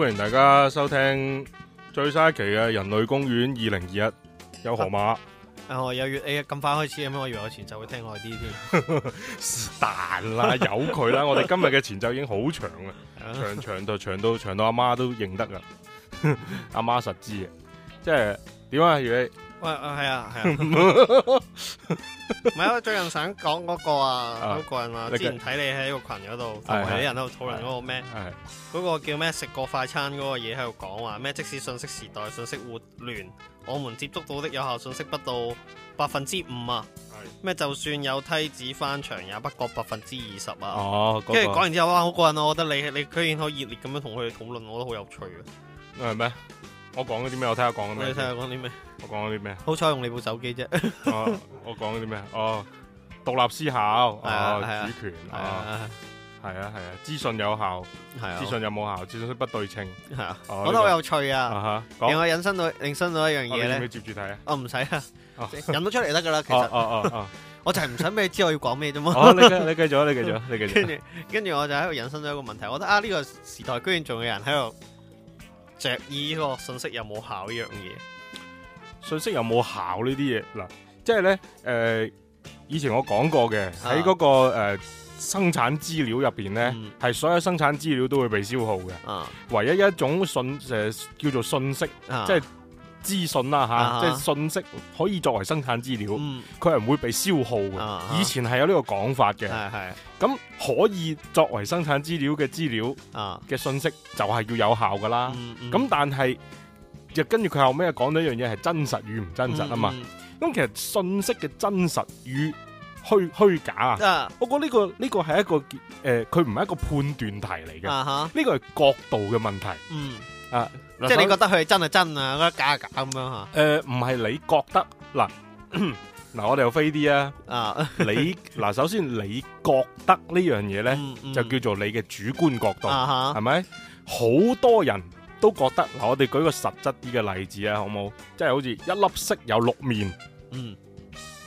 歡迎大家收聽最新一期嘅《人類公園》二零二一，有河馬，我有月，你咁快開始咁，我以為我前奏會聽耐啲添，是但啦，有佢啦， 我哋今日嘅前奏已經好長啊， 長長，長到長到長到阿媽都認得啊，阿 媽實知啊，即係點啊，月？喂，係啊，係啊，唔係啊， 最近想講嗰個啊，好過癮啊！你之前睇你喺個群嗰度同埋啲人喺度討論嗰個咩，嗰、uh, uh, 個叫咩食過快餐嗰個嘢，喺度講話咩？即使信息時代信息活亂，我們接觸到的有效信息不到百分之五啊！咩？Uh, 就算有梯子翻牆，也不過百分之二十啊！哦、uh, 那個，跟住講完之後啊，好過癮啊！我覺得你你居然可以熱烈咁樣同佢哋討論，我覺得好有趣啊！係咩？我講咗啲咩？我睇下講咩。你睇下講啲咩？我講咗啲咩？好彩用你部手機啫。哦，我講咗啲咩？哦，獨立思考係啊，係啊，主權係啊，係啊，係啊，資訊有效，係，資訊有冇效，資訊不對稱，係啊，覺得好有趣啊。吓，令我引申到引申到一樣嘢咧。你接住睇啊。哦唔使啊，引到出嚟得噶啦。哦哦哦，其實我就係唔想俾你知我要講咩啫嘛。你繼你繼續，你繼續，你繼續。跟住跟住，我就喺度引申咗一個問題。我覺得啊，呢個時代居然仲有人喺度。着意呢個信息有冇效呢樣嘢？信息有冇效、就是、呢啲嘢？嗱，即係咧誒，以前我講過嘅喺嗰個、呃、生產資料入邊咧，係、嗯、所有生產資料都會被消耗嘅。啊、唯一一種信誒、呃、叫做信息，啊、即係資訊啦嚇，啊啊、即係信息可以作為生產資料，佢係唔會被消耗嘅。啊、以前係有呢個講法嘅。係係、嗯。嗯嗯嗯嗯咁可以作為生產資料嘅資料啊嘅信息就係要有效噶啦，咁、嗯嗯、但係就跟住佢後尾又講咗一樣嘢係真實與唔真實啊嘛，咁其實信息嘅真實與虛虛假啊，我覺得呢個呢個係一個誒，佢唔係一個判斷題嚟嘅呢個係角度嘅問題，嗯、啊，即係你覺得佢係真係真啊，覺得假啊假咁樣吓，誒唔係你覺得嗱。嗱，我哋又飛啲啊！啊，你嗱，首先你覺得呢樣嘢咧，就叫做你嘅主觀角度，係咪？好多人都覺得，嗱，我哋舉個實質啲嘅例子啊，好冇？即係好似一粒色有六面，嗯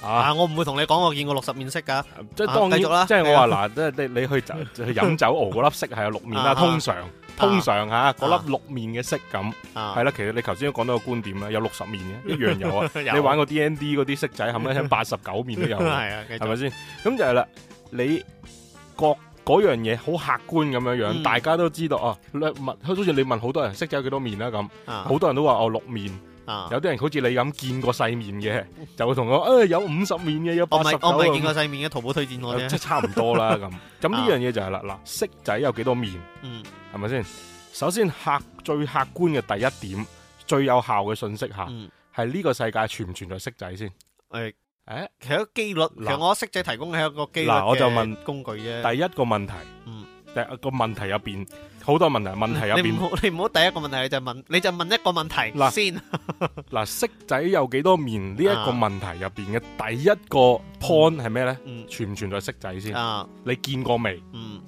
啊，我唔會同你講我見過六十面色噶。即係當然，繼續啦，即係我話嗱，即係你你去去飲酒，嗰粒色係有六面啦，通常。通常吓嗰粒六面嘅色感，係啦、啊，其實你頭先都講到個觀點啦，有六十面嘅一樣有啊， 有啊你玩個 D N D 嗰啲色仔，係咪？ 係八十九面都有，係啊，係咪先？咁就係啦，你各嗰樣嘢好客觀咁樣樣，嗯、大家都知道啊。好似你問好多人色仔有幾多面啦、啊、咁，好、啊、多人都話哦六面。啊！有啲人好似你咁見過世面嘅，就會同我誒有五十面嘅，有八十九。我唔係我唔係見過世面嘅，淘寶推薦我啫，即係差唔多啦咁。咁呢 樣嘢就係啦，嗱、啊，色仔有幾多面？嗯，係咪先？首先客最客觀嘅第一點，最有效嘅信息吓，係呢、嗯、個世界存唔存在色仔先？誒誒、欸欸，其實機率其實我色仔提供係一個機率我就嘅工具啫。第一個問題。第一個問題入邊好多問題，問題入邊你唔好，你唔好第一個問題你就問，你就問一個問題先。嗱啦， 色仔有幾多面？呢、這、一個問題入邊嘅第一個 point 係咩咧？存唔存在色仔先？嗯、你見過未？嗯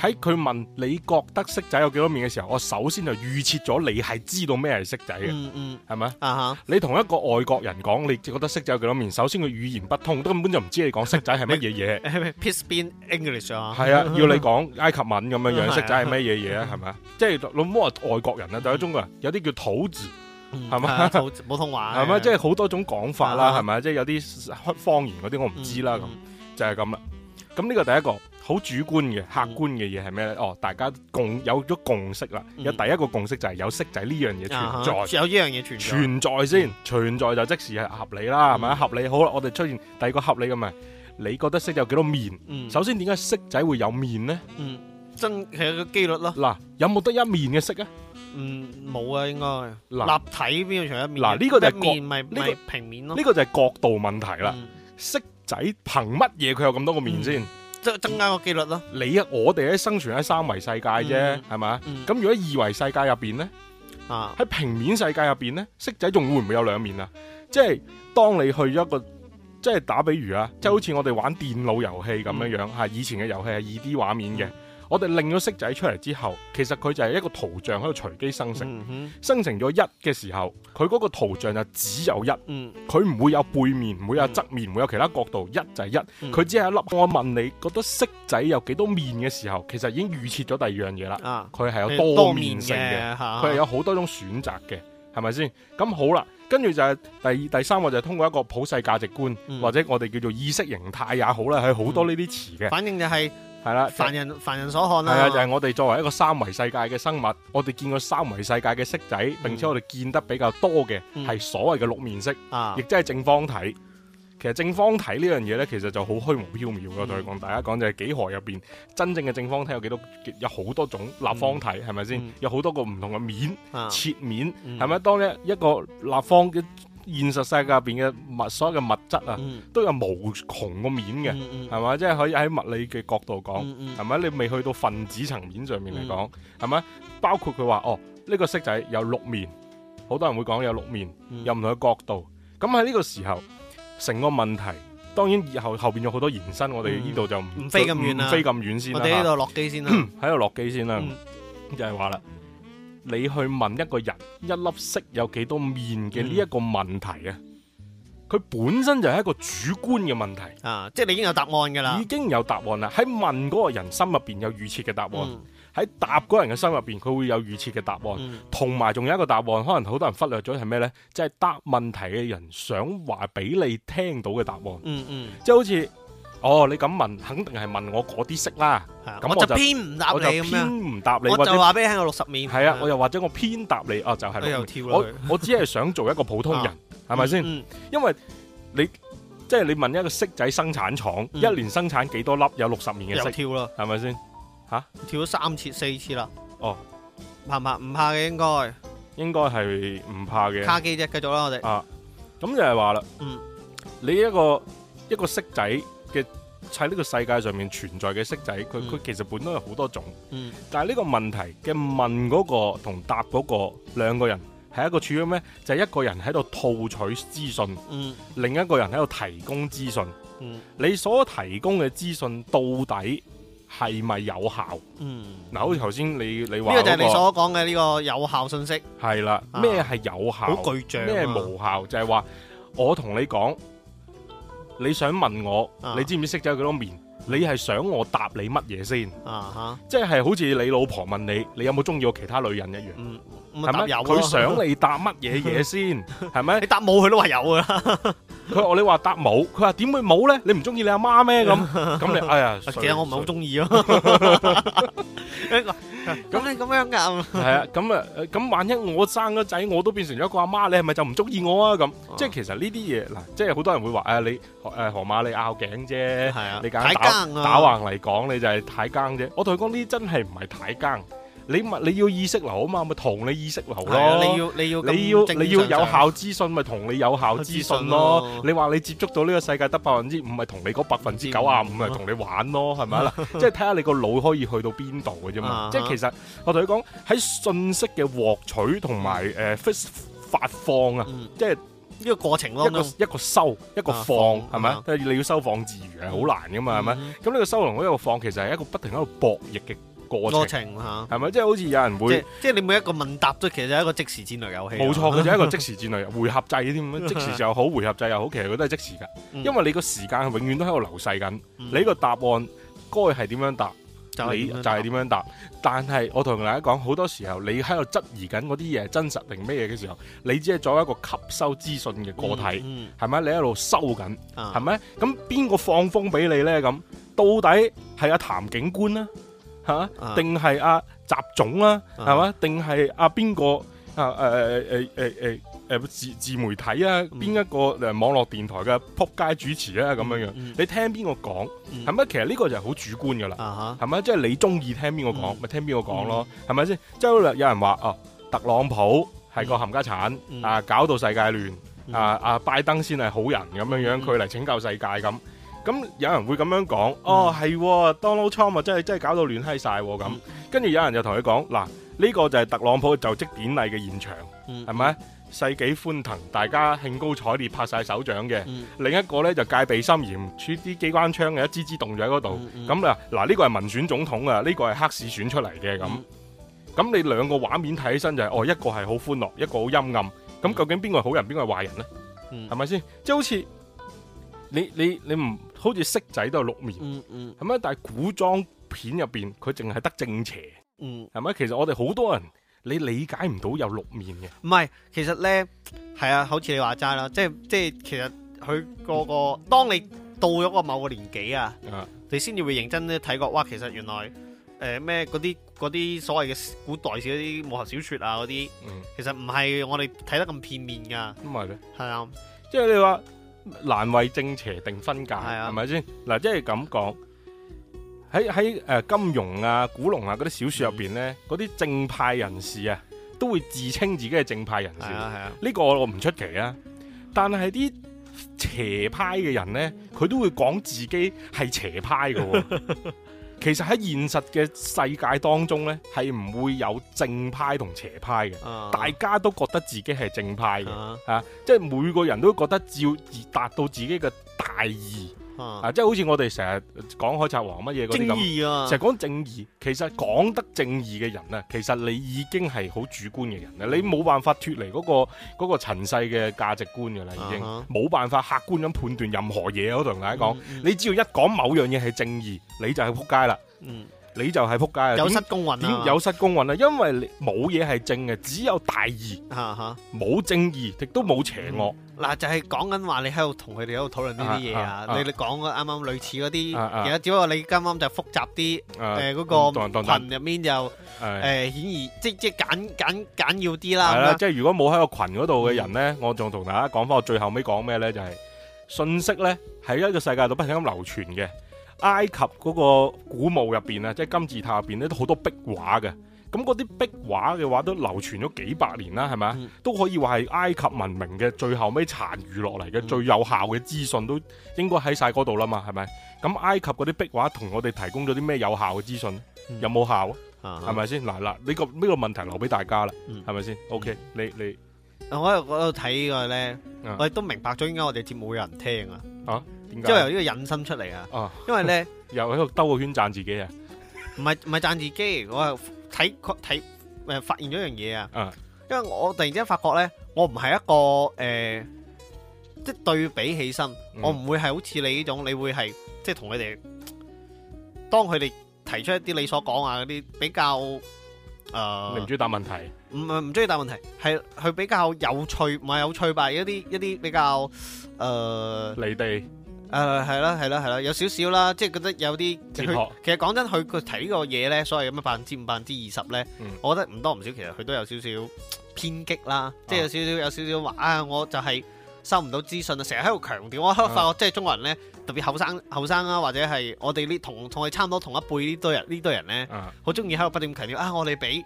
喺佢問你覺得色仔有幾多面嘅時候，我首先就預設咗你係知道咩係色仔嘅，係咪？你同一個外國人講，你覺得色仔有幾多面？首先佢語言不通，根本就唔知你講色仔係乜嘢嘢。Pidgin English 啊，係啊，要你講埃及文咁樣樣，色仔係乜嘢嘢啊？係咪？即係老母外國人啊？但係中國人有啲叫土字，係咪？普通話係咪？即係好多種講法啦，係咪、uh？即係有啲方言嗰啲，我唔知啦，咁就係咁啦。咁呢個第一個。好主觀嘅，客觀嘅嘢係咩咧？哦，大家共有咗共識啦。有第一個共識就係有色仔呢樣嘢存在，有呢樣嘢存在，存在先存在就即時係合理啦，係咪合理好啦，我哋出現第二個合理咁啊！你覺得色仔有幾多面？首先點解色仔會有面咧？嗯，真係個機率咯。嗱，有冇得一面嘅色啊？嗯，冇啊，應該。嗱，立體邊個除一面？嗱，呢個就係角面咪平面咯。呢個就係角度問題啦。色仔憑乜嘢佢有咁多個面先？增增加個幾率咯，你我哋喺生存喺三維世界啫，係咪啊？咁吧、嗯、如果二維世界入邊咧，喺、啊、平面世界入邊咧，色仔仲會唔會有兩面啊？即係當你去咗一個，即係打比如啊，即係、嗯、好似我哋玩電腦遊戲咁樣樣，吓、嗯、以前嘅遊戲係二 D 畫面嘅。嗯我哋拎咗色仔出嚟之後，其實佢就係一個圖像喺度隨機生成，嗯、哼生成咗一嘅時候，佢嗰個圖像就只有一，佢唔、嗯、會有背面，唔會有側面，唔、嗯、會有其他角度，一就係一。佢、嗯、只係一粒。我問你，覺得色仔有幾多面嘅時候，其實已經預設咗第二樣嘢啦。佢係、啊、有多面性嘅，佢係有好多種選擇嘅，係咪先？咁好啦，跟住就係第二、第三個就係通過一個普世價值觀，嗯、或者我哋叫做意識形態也好啦，係好多呢啲詞嘅。反正就係、是。係啦，凡人凡人所看啦，就係我哋作為一個三維世界嘅生物，我哋見過三維世界嘅色仔，並且我哋見得比較多嘅係所謂嘅六面色，亦即係正方體。其實正方體呢樣嘢咧，其實就好虛無縹緲嘅。同你講，大家講就係幾何入邊真正嘅正方體有幾多？有好多種立方體係咪先？有好多個唔同嘅面、嗯、切面係咪、嗯？當咧一個立方嘅。現實世界入邊嘅物，所有嘅物質啊，嗯、都有無窮個面嘅，係咪、嗯嗯？即係可以喺物理嘅角度講，係咪、嗯嗯？你未去到分子層面上面嚟講，係咪、嗯？包括佢話哦，呢、這個色仔有六面，好多人會講有六面，嗯、有唔同嘅角度。咁喺呢個時候，成個問題，當然以後後邊有好多延伸，我哋呢度就唔、嗯、飛咁遠啦，飛咁遠先啦。我哋呢度落機先啦，喺度落機先啦，嗯、就係話啦。你去問一個人一粒色有幾多面嘅呢一個問題啊？佢、嗯、本身就係一個主觀嘅問題啊！即係你已經有答案㗎啦，已經有答案啦。喺問嗰個人心入邊有預設嘅答案，喺、嗯、答嗰人嘅心入邊佢會有預設嘅答案，同埋仲有一個答案，可能好多人忽略咗係咩呢？即、就、係、是、答問題嘅人想話俾你聽到嘅答案。嗯嗯，即、嗯、係好似。哦，你咁問，肯定係問我嗰啲色啦。咁我就偏唔答你咁樣，我就話俾你聽我六十面。係啊，我又或者我偏答你，哦就係。我又跳咗我我只係想做一個普通人，係咪先？因為你即係你問一個色仔生產廠，一年生產幾多粒有六十面嘅色？又跳啦，係咪先？吓，跳咗三次四次啦。哦，怕唔怕？唔怕嘅應該，應該係唔怕嘅。卡機啫，繼續啦，我哋。啊，咁就係話啦，嗯，你一個一個色仔嘅喺呢個世界上面存在嘅色仔，佢佢、嗯、其實本身都有好多種。嗯，但係呢個問題嘅問嗰個同答嗰個兩個人係一個處嘅咩？就係、是、一個人喺度套取資訊，嗯，另一個人喺度提供資訊。嗯，你所提供嘅資訊到底係咪有效？嗯，嗱，好似頭先你你話、嗯、呢、那個就係你所講嘅呢個有效信息。係啦，咩係有效？啊、有效好巨咩係、啊、無效？就係、是、話我同你講。你想問我，你知唔知識咗幾多面？你係想我答你乜嘢先？啊吓、uh，huh. 即係好似你老婆問你，你有冇中意過其他女人一樣，係咪、嗯？佢、嗯嗎啊、想你答乜嘢嘢先？係咪？你答冇，佢都話有啊。佢話你話答冇，佢話點會冇咧？你唔中意你阿媽咩咁？咁你哎呀， 以其實我唔係好中意咯。 咁你咁樣噶，係啊，咁啊，咁、 嗯嗯嗯、萬一我生個仔，我都變成咗一個阿媽，你係咪就唔中意我啊？咁、啊、即係其實呢啲嘢嗱，即係好多人會話，誒、啊，你誒河、啊、馬你拗頸啫，係啊、嗯，你揀打橫嚟講你就係太奸啫。我同佢講呢啲真係唔係太奸。你咪你要意識流啊嘛，咪同你意識流咯。你要你要你要你要有效資訊，咪同你有效資訊咯。你話你接觸到呢個世界得百分之五，咪同你嗰百分之九啊五咪同你玩咯，係咪啊？即係睇下你個腦可以去到邊度嘅啫嘛。即係其實我同你講喺信息嘅獲取同埋誒發放啊，即係呢個過程咯。一個收一個放係咪？你要收放自如係好難噶嘛，係咪？咁呢個收同一個放其實係一個不停喺度博弈嘅。過程吓係咪即係？好似有人會即係你每一個問答都其實係一個即時戰略遊戲，冇錯錯，佢就係 一個即時戰略遊戲回合制添。即時又好，回合制又好，其實佢都係即時噶。因為你個時間永遠都喺度流逝緊，嗯、你個答案該係點樣答，嗯、你就係點樣,樣,樣答。但係我同大家講，好多時候你喺度質疑緊嗰啲嘢真實定咩嘢嘅時候，你只係作為一個吸收資訊嘅個體，係咪、嗯嗯？你喺度收緊，係咪、嗯？咁邊個放風俾你咧？咁到底係阿譚警官呢？吓？定係阿習總啊？係嘛？定係阿邊個啊？誒誒誒誒誒誒自自媒體啊？邊一個誒網絡電台嘅撲街主持啊？咁樣樣，你聽邊個講？係咪？其實呢個就係好主觀㗎喇，係咪？即係你中意聽邊個講咪聽邊個講咯，係咪先？即係有人話哦、啊，特朗普係個冚家鏟、嗯、啊，搞到世界亂啊啊！拜登先係好人咁樣樣，佢嚟拯救世界咁。咁有人會咁樣講，嗯、哦係，Donald Trump 真係真係搞到亂閪晒咁，跟住、嗯、有人就同佢講，嗱呢個就係特朗普就職典禮嘅現場，係咪、嗯？世紀歡騰，大家興高采烈拍晒手掌嘅，嗯、另一個呢，就戒備森嚴，處啲機關槍嘅一支支凍咗喺嗰度，咁啦、嗯，嗱、嗯、呢個係民選總統啊，呢個係黑市選出嚟嘅，咁，咁、嗯、你兩個畫面睇起身就係、是，哦一個係好歡樂，一個好陰暗，咁究竟邊個係好人，邊個係壞人呢？係咪先？即係好似。你你你唔好似色仔都係綠面，嗯嗯，係、嗯、咩？但係古裝片入邊佢淨係得正邪，嗯，係咩？其實我哋好多人你理解唔到有綠面嘅。唔係，其實咧係啊，好似你話齋啦，即係即係，其實佢、那個個當你到咗個某個年紀啊，嗯、你先至會認真咧睇過哇，其實原來誒咩嗰啲啲所謂嘅古代嗰啲武俠小說啊嗰啲，嗯、其實唔係我哋睇得咁片面噶，咁咪咧，係的是啊，即係你話。難為正邪定分界，係咪先？嗱，即係咁講，喺喺誒金融啊、古龍啊嗰啲小說入邊咧，嗰啲，啊、正派人士啊，都會自稱自己係正派人士，呢，啊啊，個我唔出奇啊。但係啲邪派嘅人咧，佢都會講自己係邪派㗎，哦。 其實喺現實嘅世界當中呢，係唔會有正派同邪派嘅，uh. 大家都覺得自己係正派嘅，uh. 啊，即係每個人都覺得要達到自己嘅大義。啊！即係好似我哋成日講《海賊王》乜嘢嗰啲，成日講正義，其實講得正義嘅人咧，其實你已經係好主觀嘅人啦，你冇辦法脫離嗰個嗰、嗰個塵世嘅價值觀噶啦，已經冇辦法客觀咁判斷任何嘢，我同大家講，嗯、你只要一講某樣嘢係正義，你就係撲街啦。嗯你就係撲街有失公允啦，有失公允啦，因為你冇嘢係正嘅，只有大義嚇嚇，冇正義亦都冇邪惡。嗱，就係講緊話你喺度同佢哋喺度討論呢啲嘢啊！你你，講啱啱類似嗰啲，其實只不過你啱啱就複雜啲誒嗰個羣入面就誒顯而即即簡簡簡要啲啦。係啦，即係如果冇喺個群嗰度嘅人咧，我仲同大家講翻我最後尾講咩咧，就係訊息咧喺一個世界度不停咁流傳嘅。埃及嗰個古墓入邊啊，即、就、係、是、金字塔入邊咧，都好多壁畫嘅。咁嗰啲壁畫嘅話，都流傳咗幾百年啦，係咪？都、嗯、可以話係埃及文明嘅最後尾殘餘落嚟，嘅最有效嘅資訊，都應該喺晒嗰度啦嘛，係咪？咁埃及嗰啲壁畫同我哋提供咗啲咩有效嘅資訊？有冇效？係咪先？嗱嗱，呢個呢個問題留俾大家啦，係咪先？OK，你你，你我又、嗯、我又睇呢咧，我哋都明白咗，點解我哋節目有人聽啊？啊、嗯？之後由呢個引申出嚟啊，因為咧又喺度兜個圈，讚自己啊，唔係唔係讚自己，我係睇睇誒發現咗一樣嘢啊，因為我突然之間發覺咧，我唔係一個誒，即係對比起身，我唔會係好似你呢種，你會係即係同佢哋當佢哋提出一啲你所講啊嗰啲比較誒，唔中意答問題，唔唔中意答問題，係佢比較有趣，唔係有趣吧？一啲一啲比較誒你哋。誒係啦，係啦，係啦，有少少啦，即係覺得有啲，自迫 其實講真，佢佢睇個嘢咧，所謂有咩百分之五、百分之二十咧，我覺得唔多唔少。其實佢都有少少偏激啦，即係有少少有少少話啊，我就係收唔到資訊啊，成日喺度強調。我發覺即係中國人咧特別後生後生啊，或者係我哋呢同同佢差唔多同一輩呢堆人呢堆人咧，好中意喺度不斷強調啊，我哋畀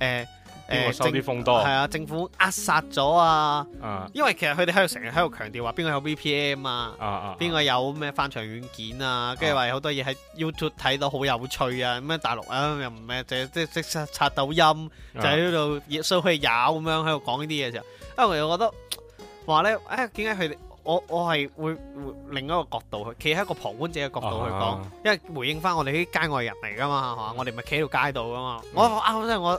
誒。誒啲風多係啊！政府壓殺咗啊！因為其實佢哋喺度成日喺度強調話邊個有 VPN 啊啊！邊個有咩翻牆軟件啊？跟住話好多嘢喺 YouTube 睇到好有趣啊！咁樣大陸啊，又唔咩就即即刷刷抖音就喺度熱騷去炒咁樣喺度講呢啲嘢時候，因為我又覺得話咧，哎點解佢哋我我係會換另一個角度去企喺一個旁觀者嘅角度去講，因為回應翻我哋啲街外人嚟噶嘛我哋咪企喺條街度噶嘛，我啱啱即係我。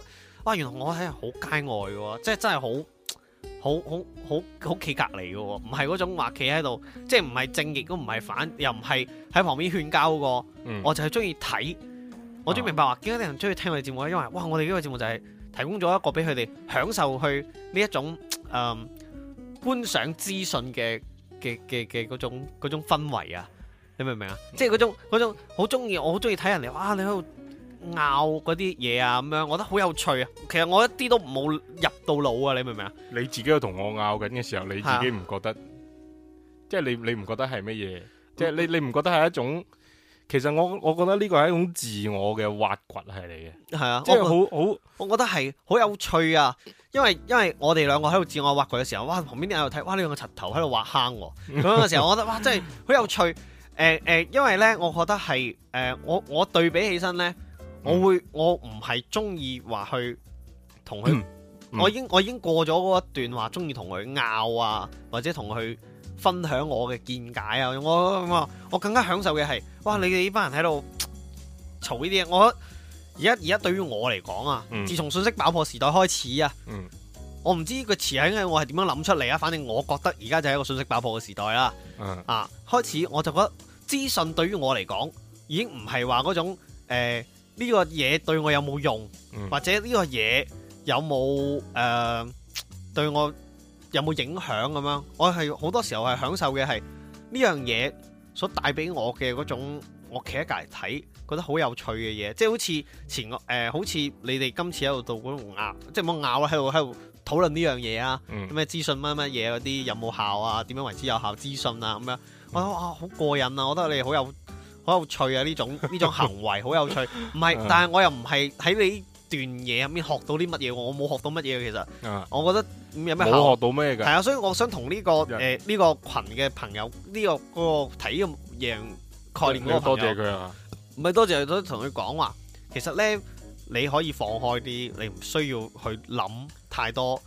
哇！原來我係好街外喎，啊，即係真係好，好，好，好，好企隔離嘅喎，唔係嗰種話企喺度，即係唔係正亦都唔係反，又唔係喺旁邊勸交嗰個。我就係中意睇，我最、啊、是明白話，點解啲人中意聽我哋節目咧？因為哇，我哋呢個節目就係提供咗一個俾佢哋享受去呢一種誒、呃、觀賞資訊嘅嘅嘅嘅嗰種嗰種氛圍啊！你明唔明啊？即係嗰種嗰種好中意，我好中意睇人哋哇！你喺度。拗嗰啲嘢啊，咁樣我覺得好有趣啊。其實我一啲都冇入到腦啊。你明唔明啊？你自己喺同我拗緊嘅時候，你自己唔覺得，即係、啊、你你唔覺得係乜嘢？即係、嗯、你你唔覺得係一種？其實我我覺得呢個係一種自我嘅挖掘係嚟嘅，係啊，即係好好。我覺得係好很有趣啊，因為因為我哋兩個喺度自我挖掘嘅時候，哇！旁邊啲人喺度睇，哇！啊哇呃呃、呢兩個柒頭喺度挖坑咁嘅時候，我覺得哇，真係好有趣。誒誒，因為咧，我覺得係誒我我，我對比起身咧。呢 我會我唔係中意話去同佢， 我已經我已經過咗嗰一段話，中意同佢拗啊，或者同佢分享我嘅見解啊。我我我更加享受嘅係，哇！你哋呢班人喺度嘈呢啲嘢。我而家而家對於我嚟講啊， 自從信息爆破時代開始啊， 我唔知個詞係因為我係點樣諗出嚟啊。反正我覺得而家就係一個信息爆破嘅時代啦、啊。啊，開始我就覺得資訊對於我嚟講已經唔係話嗰種誒。欸呢個嘢對我有冇用？嗯、或者呢個嘢有冇誒、呃、對我有冇影響咁樣？我係好多時候係享受嘅係呢樣嘢所帶俾我嘅嗰種，我企喺隔離睇覺得好有趣嘅嘢。即係好似前個、呃、好似你哋今次喺度做嗰種咬，即係冇咬喺度喺度討論呢樣嘢啊。咩資訊乜乜嘢嗰啲有冇效啊？點樣為之有效資訊啊？咁、啊、樣，啊樣我啊好過癮啊！我覺得你哋好有～好有趣啊！呢種呢種行為 好有趣，唔係，嗯、但係我又唔係喺你段嘢入面學到啲乜嘢，我冇學到乜嘢。其實，嗯、我覺得有冇學到咩嘅？係啊，所以我想同呢、這個誒呢、嗯呃這個群嘅朋友，呢、這個嗰、那個睇贏概念多謝佢啊，唔係多謝佢，同佢講話，其實咧你可以放開啲，你唔需要去諗太多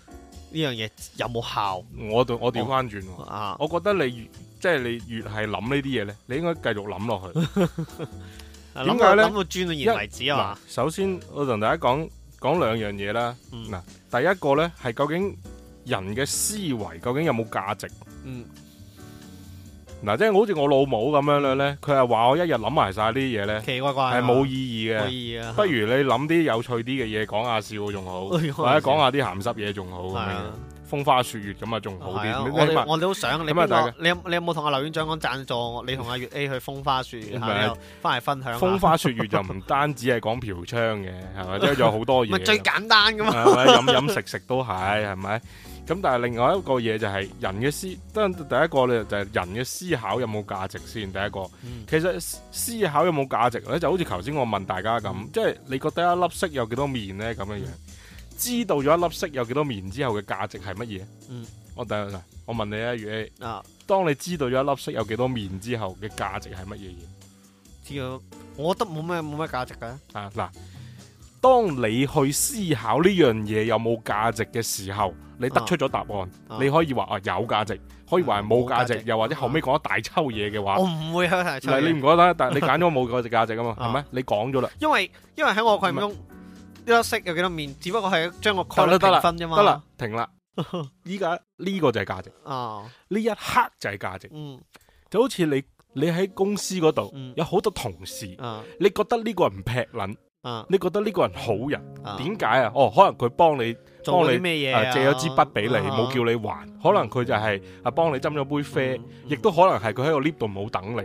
呢樣嘢有冇效我。我對我調翻轉，我, uh, 我覺得你。即係你越係諗呢啲嘢咧，你應該繼續諗落去。點解咧？諗到轉到岩為止啊嘛！首先，我同大家講講兩樣嘢啦。嗱，第一個咧係究竟人嘅思維究竟有冇價值？嗯。嗱，即係好似我老母咁樣咧，佢係話我一日諗埋晒呢啲嘢咧，奇怪怪係冇意義嘅，冇意義。不如你諗啲有趣啲嘅嘢講下笑仲好，或者講下啲鹹濕嘢仲好咁樣。風花雪月咁啊，仲好啲。我我我都想。你有你有冇同阿劉院長講贊助？你同阿月 A 去風花雪月，然後翻嚟分享。風花雪月就唔單止係講嫖娼嘅，係咪？即係有好多嘢，咪最簡單噶嘛。飲飲食食都係，係咪？咁但係另外一個嘢就係人嘅思，第一第一個咧就係人嘅思考有冇價值先。第一個，其實思考有冇價值咧，就好似頭先我問大家咁，即係你覺得一粒色有幾多面咧？咁嘅樣。知道咗一粒色有幾多面之後嘅價值係乜嘢？嗯，我等下我問你 A，啊，如 A，當你知道咗一粒色有幾多面之後嘅價值係乜嘢嘢？呢個我覺得冇咩冇咩價值嘅。啊，嗱，當你去思考呢樣嘢有冇價值嘅時候，你得出咗答案，啊、你可以話啊有價值，可以話冇價值，嗯、價值又或者後尾講一大抽嘢嘅話，嗯、我唔會向大抽。你唔覺得？但你揀咗冇價值價值啊嘛？係咪、嗯？你講咗啦。因為因為喺我眼中。一粒色有幾多面，只不過係將個概率分啫嘛。得啦，停啦，依家呢個就係價值。哦，呢一刻就係價值。嗯，就好似你你喺公司嗰度有好多同事，嗯、你覺得呢個人劈撚，啊、你覺得呢個人好人，點解啊？哦，可能佢幫你。幫你咩嘢？借咗支筆俾你，冇、啊、叫你還。可能佢就係啊，幫你斟咗杯啡，亦都、嗯嗯、可能係佢喺個 lift 度冇等你，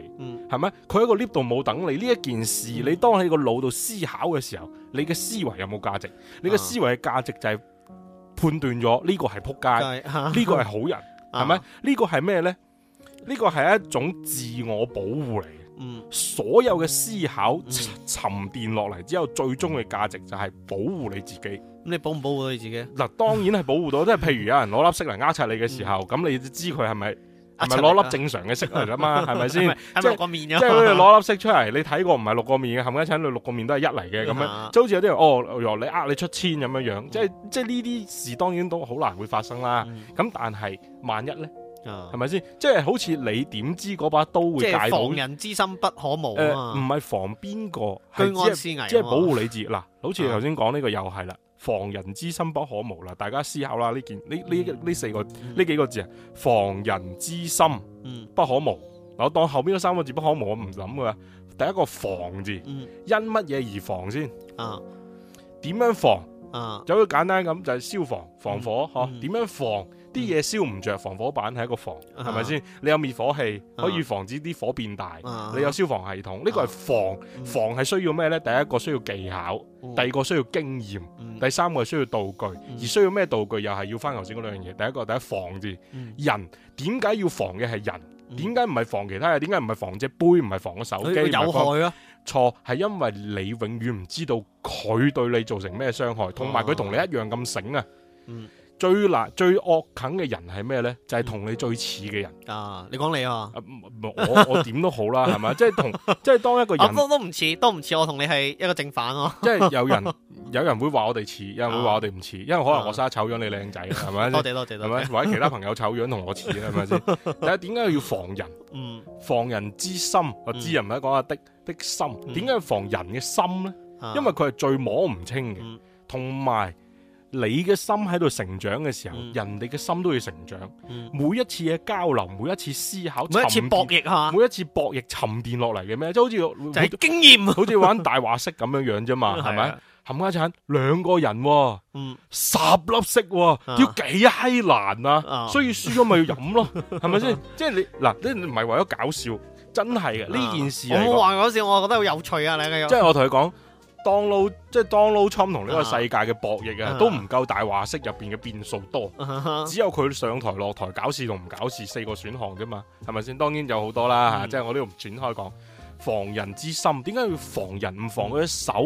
係咪、嗯？佢喺個 lift 度冇等你呢一件事，你當喺個腦度思考嘅時候，你嘅思維有冇價值？你嘅思維嘅價值就係判斷咗呢個係撲街，呢、就是啊、個係好人，係咪、啊？這個、呢、呢個係咩咧？呢個係一種自我保護嚟。嗯，所有嘅思考沉澱落嚟之後，最終嘅價值就係保護你自己。你保唔保護到你自己？嗱，當然係保護到，即係譬如有人攞粒色嚟呃賊你嘅時候，咁你知佢係咪唔係攞粒正常嘅色嚟㗎嘛？係咪先？即係個面，即係攞粒色出嚟，你睇過唔係六個面嘅冚家鏟，你六個面都係一嚟嘅咁樣，即好似有啲人哦，你呃你出千咁樣樣，即係即係呢啲事，當然都好難會發生啦。咁但係萬一咧？係咪先？即係好似你點知嗰把刀會帶倒？防人之心不可無。誒，唔係防邊個，居安思危，即係保護你自己。嗱，好似頭先講呢個又係啦，防人之心不可無啦。大家思考啦，呢件呢呢呢四個呢、嗯、幾個字啊，防人之心不可無。嗯、我當後邊嗰三個字不可無，我唔諗嘅。第一個防字，嗯、因乜嘢而防先？啊？點樣防？啊？就好簡單咁，就係消防防火嗬？點、啊、樣防？啲嘢燒唔着，防火板係一個防，係咪先？你有滅火器可以防止啲火變大，你有消防系統，呢個係防。防係需要咩呢？第一個需要技巧，第二個需要經驗，第三個需要道具。而需要咩道具？又係要翻頭先嗰兩樣嘢。第一個，第一防字，人，點解要防嘅係人？點解唔係防其他？點解唔係防隻杯？唔係防個手機？有害咯？錯，係因為你永遠唔知道佢對你造成咩傷害，同埋佢同你一樣咁醒啊！嗯。最難、最惡啃嘅人係咩咧？就係同你最似嘅人啊！你講你啊！我我點都好啦，係咪？即係同即係當一個人，我都唔似，都唔似我同你係一個正反咯。即係有人有人會話我哋似，有人會話我哋唔似，因為可能我生得醜樣你靚仔，係咪？多謝多謝，係咪？或者其他朋友醜樣同我似，係咪先？但點解要防人？嗯，防人之心，我知人唔使講啊的的心。點解要防人嘅心咧？因為佢係最摸唔清嘅，同埋。你嘅心喺度成長嘅時候，人哋嘅心都要成長。每一次嘅交流，每一次思考，每一次博弈吓，每一次博弈沉澱落嚟嘅咩？即係好似就係經驗，好似玩大話骰咁樣樣啫嘛，係咪？冚家鏟兩個人，十粒骰，要幾閪難啊？所以輸咗咪要飲咯，係咪先？即係你嗱，你唔係為咗搞笑，真係嘅呢件事。我冇話講笑，我覺得好有趣啊！你嘅即係我同佢講。Donald 即係 Donald Trump 同呢個世界嘅博弈啊，都唔夠大話式入邊嘅變數多，只有佢上台落台搞事同唔搞事四個選項啫嘛，係咪先？當然有好多啦吓，即係、嗯、我呢度唔轉開講，防人之心，點解要防人？唔防佢嘅手，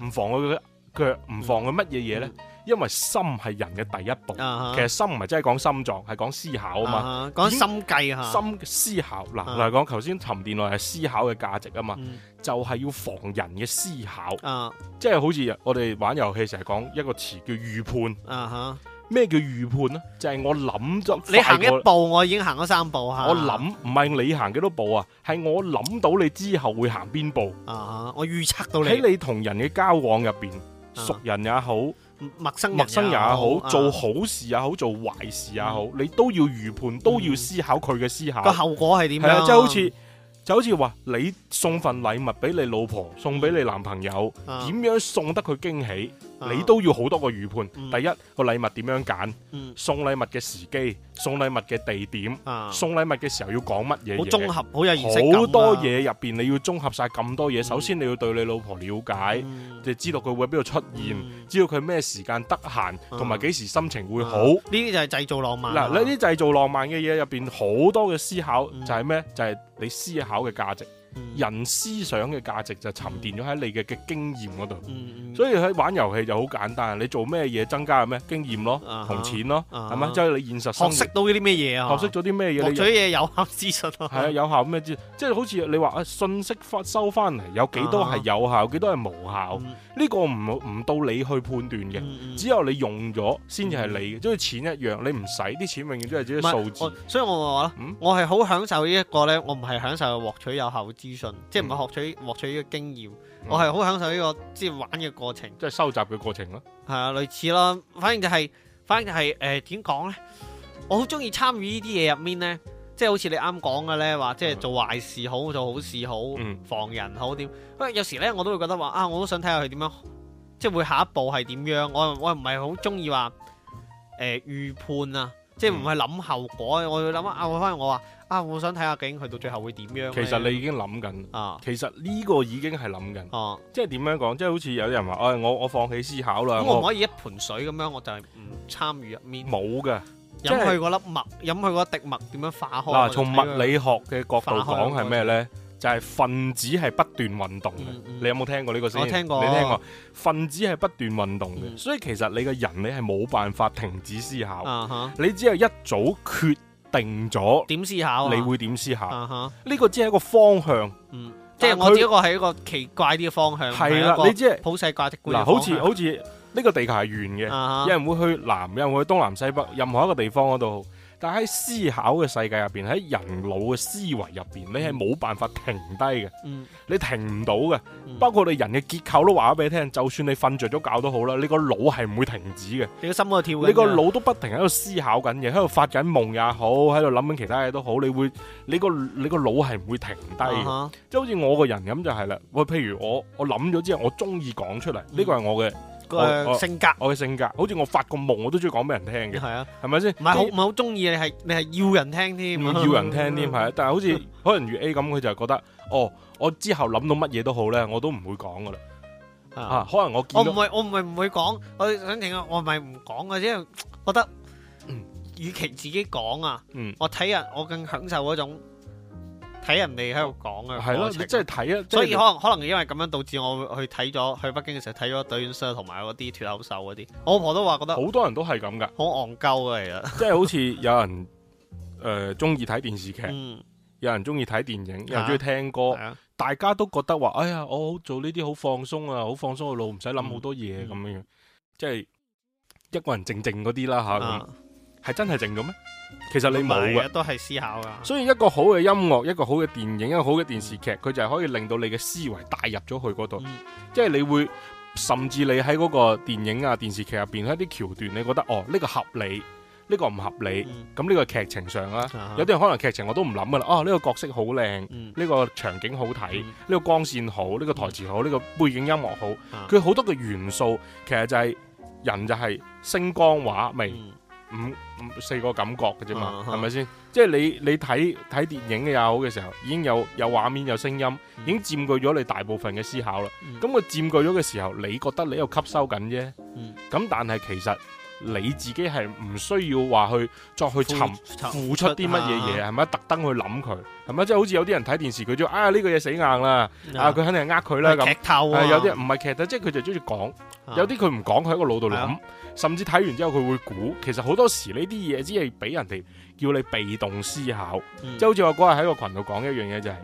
唔防佢嘅腳，唔防佢乜嘢嘢咧？嗯嗯因為心係人嘅第一步，uh huh. 其實心唔係真係講心臟，係講思考啊嘛。講、uh huh. 心計啊，心思考。嗱嚟講，頭先沉澱落係思考嘅價值啊嘛，uh huh. 就係要防人嘅思考。啊、uh，huh. 即係好似我哋玩遊戲成日講一個詞叫預判。啊哈、uh，咩、huh. 叫預判呢？就係、是、我諗咗，你行一步，我已經行咗三步。Uh huh. 我諗唔係你行幾多步啊，係我諗到你之後會行邊步。啊、uh huh. 我預測到你喺你同人嘅交往入邊，uh huh. 熟人也好。陌生陌生人也好，做好事也好，啊、做壞事也好，嗯、你都要預判，都要思考佢嘅思考，嗯，那個後果係點樣？係啊，即係好似就好似話，你送份禮物俾你老婆，嗯、送俾你男朋友，點、啊、樣送得佢驚喜？你都要好多個預判，第一個禮物點樣揀，送禮物嘅時機、送禮物嘅地點、送禮物嘅時候要講乜嘢嘢，好綜合、好有意識，好多嘢入邊你要綜合晒咁多嘢。首先你要對你老婆了解，就知道佢會喺邊度出現，知道佢咩時間得閒，同埋幾時心情會好。呢啲就係製造浪漫。嗱，呢啲製造浪漫嘅嘢入邊好多嘅思考，就係咩？就係你思考嘅價值。人思想嘅價值就沉澱咗喺你嘅嘅經驗嗰度，嗯、所以喺玩遊戲就好簡單。你做咩嘢增加咗咩經驗咯，uh、huh, 同錢咯，係咪、uh？即、huh. 係、就是、你現實學識到啲咩嘢啊？學識咗啲咩嘢？你取有嘢有效資訊咯、啊，係啊，有效咩資訊？即、就、係、是、好似你話啊，信息翻收翻嚟有幾多係有效，幾、uh huh. 多係無效？Uh huh. 呢個唔唔到你去判斷嘅，只有你用咗先至係你嘅。即係、嗯、錢一樣，你唔使啲錢，永遠都係只啲數字。所以我咪話啦，我係好享受呢一個咧，我唔係享受獲取有效嘅資訊，即係唔係獲取、嗯、獲取呢個經驗。我係好享受呢、呢個即係玩嘅過程，嗯、即係收集嘅過程咯。係啊，類似啦。反正就係、是，反正就係誒點講咧？我好中意參與呢啲嘢入面咧。即係好似你啱講嘅咧，話即係做壞事好，做好事好，嗯、防人好點。因為有時咧，我都會覺得話啊，我都想睇下佢點樣，即係會下一步係點樣。我我唔係好中意話誒預判啊，即係唔係諗後果。嗯、我要諗啊，啊，我反而我話啊，我想睇下究竟去到最後會點樣。其實你已經諗緊啊，其實呢個已經係諗緊。哦、啊，即係點樣講？即係好似有啲人話，我我放棄思考啦。咁我唔可以一盆水咁樣，我就係唔參與入面。冇㗎。飲佢嗰粒墨，飲佢嗰滴墨點樣化開？嗱，從物理學嘅角度講係咩咧？就係分子係不斷運動嘅。你有冇聽過呢個先？我聽過。你聽過？分子係不斷運動嘅，所以其實你個人你係冇辦法停止思考。你只係一早決定咗點思考，你會點思考？呢個只係一個方向。嗯，即係我只不過係一個奇怪啲嘅方向。係啦，你只係普世價值嗱，好似好似。呢個地球係圓嘅，uh huh. 有人會去南，有人會去東南西北，任何一個地方嗰度。但喺思考嘅世界入邊，喺人腦嘅思維入邊，你係冇辦法停低嘅。嗯、你停唔到嘅。嗯、包括我哋人嘅結構都話咗俾你聽，就算你瞓着咗覺都好啦，你個腦係唔會停止嘅。你個心喺度跳，你個腦都不停喺度思考緊嘢，喺度發緊夢也好，喺度諗緊其他嘢都好，你會你個你個腦係唔會停低，即係好似我個人咁就係啦。喂，譬如我我諗咗之後，我中意講出嚟，呢個係我嘅個性格，我嘅性格，好似我發個夢，我都中意講俾人聽嘅，係啊，係咪先？唔係好唔係好中意，你係你係要人聽添，要人聽添，係啊。但係好似可能如 A 咁，佢就係覺得，哦，我之後諗到乜嘢都好咧，我都唔會講噶啦。啊，可能我我唔係我唔係唔會講，我想點啊？我唔係唔講嘅，只係覺得，嗯，與其自己講啊，嗯，我睇人，我更享受嗰種。睇人哋喺度講啊，係咯、嗯，你真係睇啊，所以可能可能因為咁樣導致我去睇咗去北京嘅時候睇咗隊員同埋嗰啲脫口秀嗰啲，我老婆都話覺得好多人都係咁噶，其實好戇鳩嘅而家，即係好似有人誒中意睇電視劇，嗯、有人中意睇電影，又中意聽歌，嗯嗯、大家都覺得話哎呀，我做呢啲好放鬆啊，好放鬆嘅路，唔使諗好多嘢咁樣，嗯嗯嗯、即係一個人靜靜嗰啲啦嚇，係真係靜咗咩？其實你冇嘅，都係思考噶。所以一個好嘅音樂，一個好嘅電影，一個好嘅電視劇，佢就係可以令到你嘅思維帶入咗去嗰度。即係你會，甚至你喺嗰個電影啊、電視劇入邊一啲橋段，你覺得哦，呢個合理，呢個唔合理。咁呢個劇情上啦，有啲人可能劇情我都唔諗噶啦。哦，呢個角色好靚，呢個場景好睇，呢個光綫好，呢個台詞好，呢個背景音樂好。佢好多嘅元素，其實就係人就係星光畫眉五。四個感覺嘅啫嘛，係咪先？即係你你睇睇電影嘅又好嘅時候，已經有有畫面有聲音，已經佔據咗你大部分嘅思考啦。咁佢、uh huh. 佔據咗嘅時候，你覺得你又吸收緊啫。咁、uh huh. 但係其實。你自己係唔需要話去作去尋付出啲乜嘢嘢係咪？特登、啊、去諗佢係咪？即係、就係、好似有啲人睇電視佢就啊呢、呢個嘢死硬啦！啊佢、啊、肯定係呃佢啦咁。啊、劇透、啊啊、有啲人唔係劇透，即係佢就中意講。啊、有啲佢唔講，佢喺個腦度諗。啊、甚至睇完之後佢會估。其實好多時呢啲嘢只係俾人哋叫你被動思考。即係、嗯、好似我嗰日喺個群度講一樣嘢、就係，就係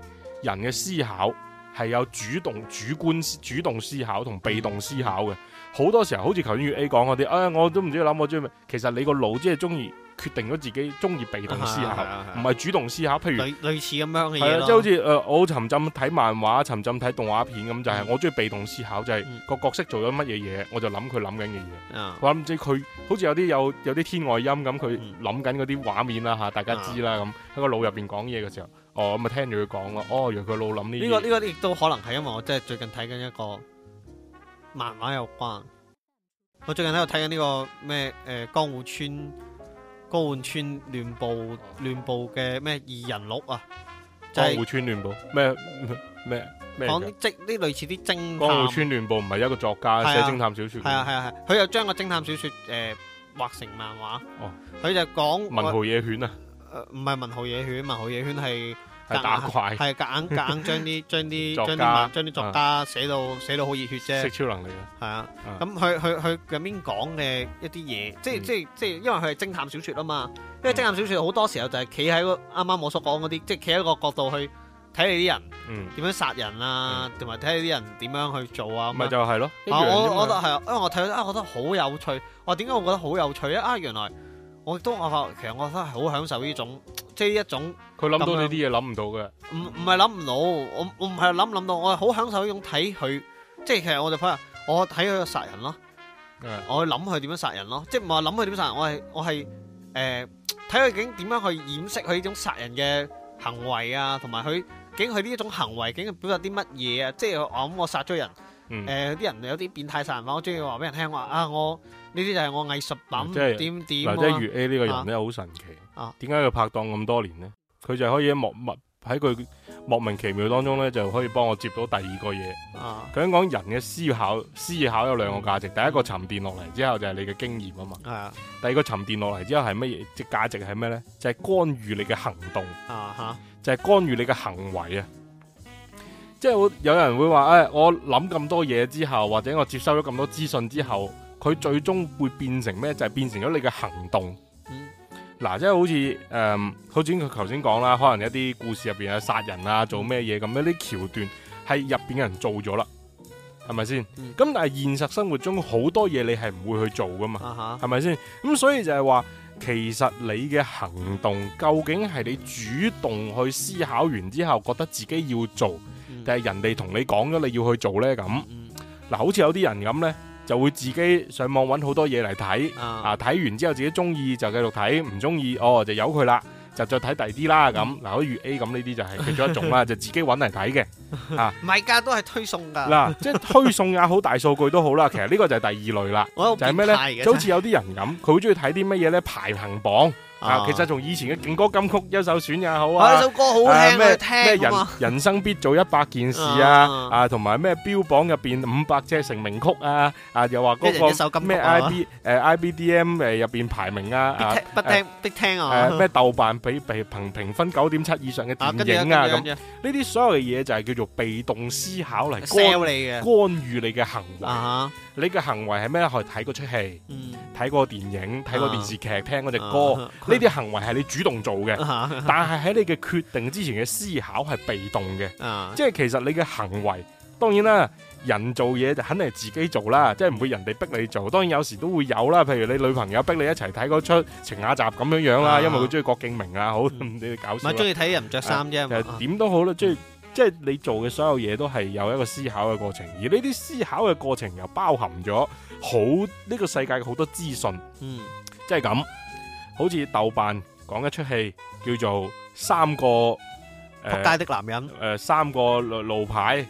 人嘅思考係有主動、主觀、主動思考同被動思考嘅。好多時候好似頭先與 A 講嗰啲，誒、啊，我都唔知諗我中意。其實你個腦即係中意決定咗自己中意被動思考，唔係、啊啊啊、主動思考。譬如類，類似咁樣嘅嘢，即係好似誒、呃，我沉浸睇漫畫、沉浸睇動畫片咁，就係我中意被動思考，嗯、就係個角色做咗乜嘢嘢，我就諗佢諗緊嘅嘢。嗯、我諗即佢好似有啲有有啲天外音咁，佢諗緊嗰啲畫面啦吓，大家知啦咁。喺個腦入邊講嘢嘅時候，哦咁咪聽住佢講咯，哦原佢腦諗呢。呢、這個呢、這個亦都可能係因為我真係最近睇緊一個。漫畫有關，我最近喺度睇緊呢個咩誒、呃，江戶川江戶川亂步亂步嘅咩二人錄啊，就是、江戶川亂步咩咩咩講即啲類似啲偵探，江戶川亂步唔係一個作家寫、啊、偵探小說，係啊係啊係，佢又將個偵探小說誒畫成漫畫，佢、哦、就講文豪野犬啊，唔係、呃、文豪野犬，文豪野犬係。係打硬夾硬將啲將啲將啲將啲作家寫到寫到好熱血啫。識超能力嘅係是啊，咁佢佢佢入邊講嘅一啲嘢，即係即係即係，因為佢係偵探小說啊嘛。因為偵探小說好多時候就係企喺啱啱我所講嗰啲，即係企喺一個角度去睇你啲人，嗯，點樣殺人啊，同埋睇你啲人點樣去做啊。咪、嗯、這樣 就係咯，我我覺得係啊，因為我睇到，啊，覺得好有趣。我點解我覺得好有趣啊？原來我都我其實我都係好享受呢種，即係一種。佢諗到呢啲嘢諗唔到嘅，唔唔係諗唔到，我我唔係諗唔諗到，我係好享受呢種睇佢，即係其實我就怕我睇佢殺人咯，我去諗佢點樣殺人咯，即係唔係話諗佢點殺人，我係我係誒睇佢究竟點樣去掩飾佢呢種殺人嘅行為啊，同埋佢究竟佢呢種行為究竟表達啲乜嘢啊，即係我諗我殺咗人，誒啲人有啲變態殺人犯，我中意話俾人聽，我話啊我呢啲就係我藝術品，點點嗱即係月 A 呢個人咧好神奇，點解佢拍檔咁多年咧？佢就可以喺莫物喺佢莫名其妙當中咧，就可以幫我接到第二個嘢，佢想講人嘅思考，思考有兩個價值。第一個沉澱落嚟之後就係你嘅經驗啊嘛。係啊。第二個沉澱落嚟之後係乜嘢？即係價值係咩咧？就係、是、干預你嘅行動。啊吓哈。就係干預你嘅行為啊。即係有人會話誒、哎，我諗咁多嘢之後，或者我接收咗咁多資訊之後，佢最終會變成咩？就係、是、變成咗你嘅行動。嗱，即係好似，誒、嗯，好似佢頭先講啦，可能一啲故事入邊有殺人啊，做咩嘢咁，一啲橋段係入邊嘅人做咗啦，係咪先？咁、嗯、但係現實生活中好多嘢你係唔會去做噶嘛，係咪先？咁所以就係話，其實你嘅行動究竟係你主動去思考完之後覺得自己要做，定係、嗯、人哋同你講咗你要去做咧？咁，嗱、嗯，好似有啲人咁咧。就會自己上網揾好多嘢嚟睇，嗯、啊，睇完之後自己中意就繼續睇，唔中意哦就由佢啦，就再睇第啲啦咁。嗱，好似、嗯、A A 咁呢啲就係其中一種啦， 就自己揾嚟睇嘅。啊，咪係都係推送噶。嗱、啊， 即係推送也好，大數據都好啦。其實呢個就係第二類啦， 就係咩呢？就好似有啲人咁，佢好中意睇啲乜嘢呢？排行榜。嗱，其實從以前嘅勁歌金曲優秀選也好啊，呢首歌好聽聽咩人人生必做一百件事啊，啊，同埋咩標榜入邊五百隻成名曲啊，啊，又話嗰個咩 I B 誒 I B D M 誒入邊排名啊，不聽不聽，必聽啊。咩豆瓣比被評評分九點七以上嘅電影啊，咁樣。呢啲所有嘅嘢就係叫做被動思考嚟 sell 你嘅干預你嘅行為。你嘅行為係咩？去睇嗰出戲。睇個電影、睇個電視劇、聽嗰隻歌，呢啲、啊啊啊、行為係你主動做嘅，啊啊啊、但係喺你嘅決定之前嘅思考係被動嘅，啊、即係其實你嘅行為，當然啦，人做嘢就肯定係自己做啦，即係唔會人哋逼你做，當然有時都會有啦，譬如你女朋友逼你一齊睇嗰出《晴雅集》咁樣樣啦，因為佢中意郭敬明、嗯、啊，好你搞笑，咪中意睇人着衫啫，點都好啦，中意、嗯。嗯。即係你做嘅所有嘢都係有一個思考嘅過程，而呢啲思考嘅過程又包含咗好呢個世界嘅好多資訊。嗯，即係咁，好似豆瓣講一出戲叫做《三個仆街的男人》，誒，三個路牌。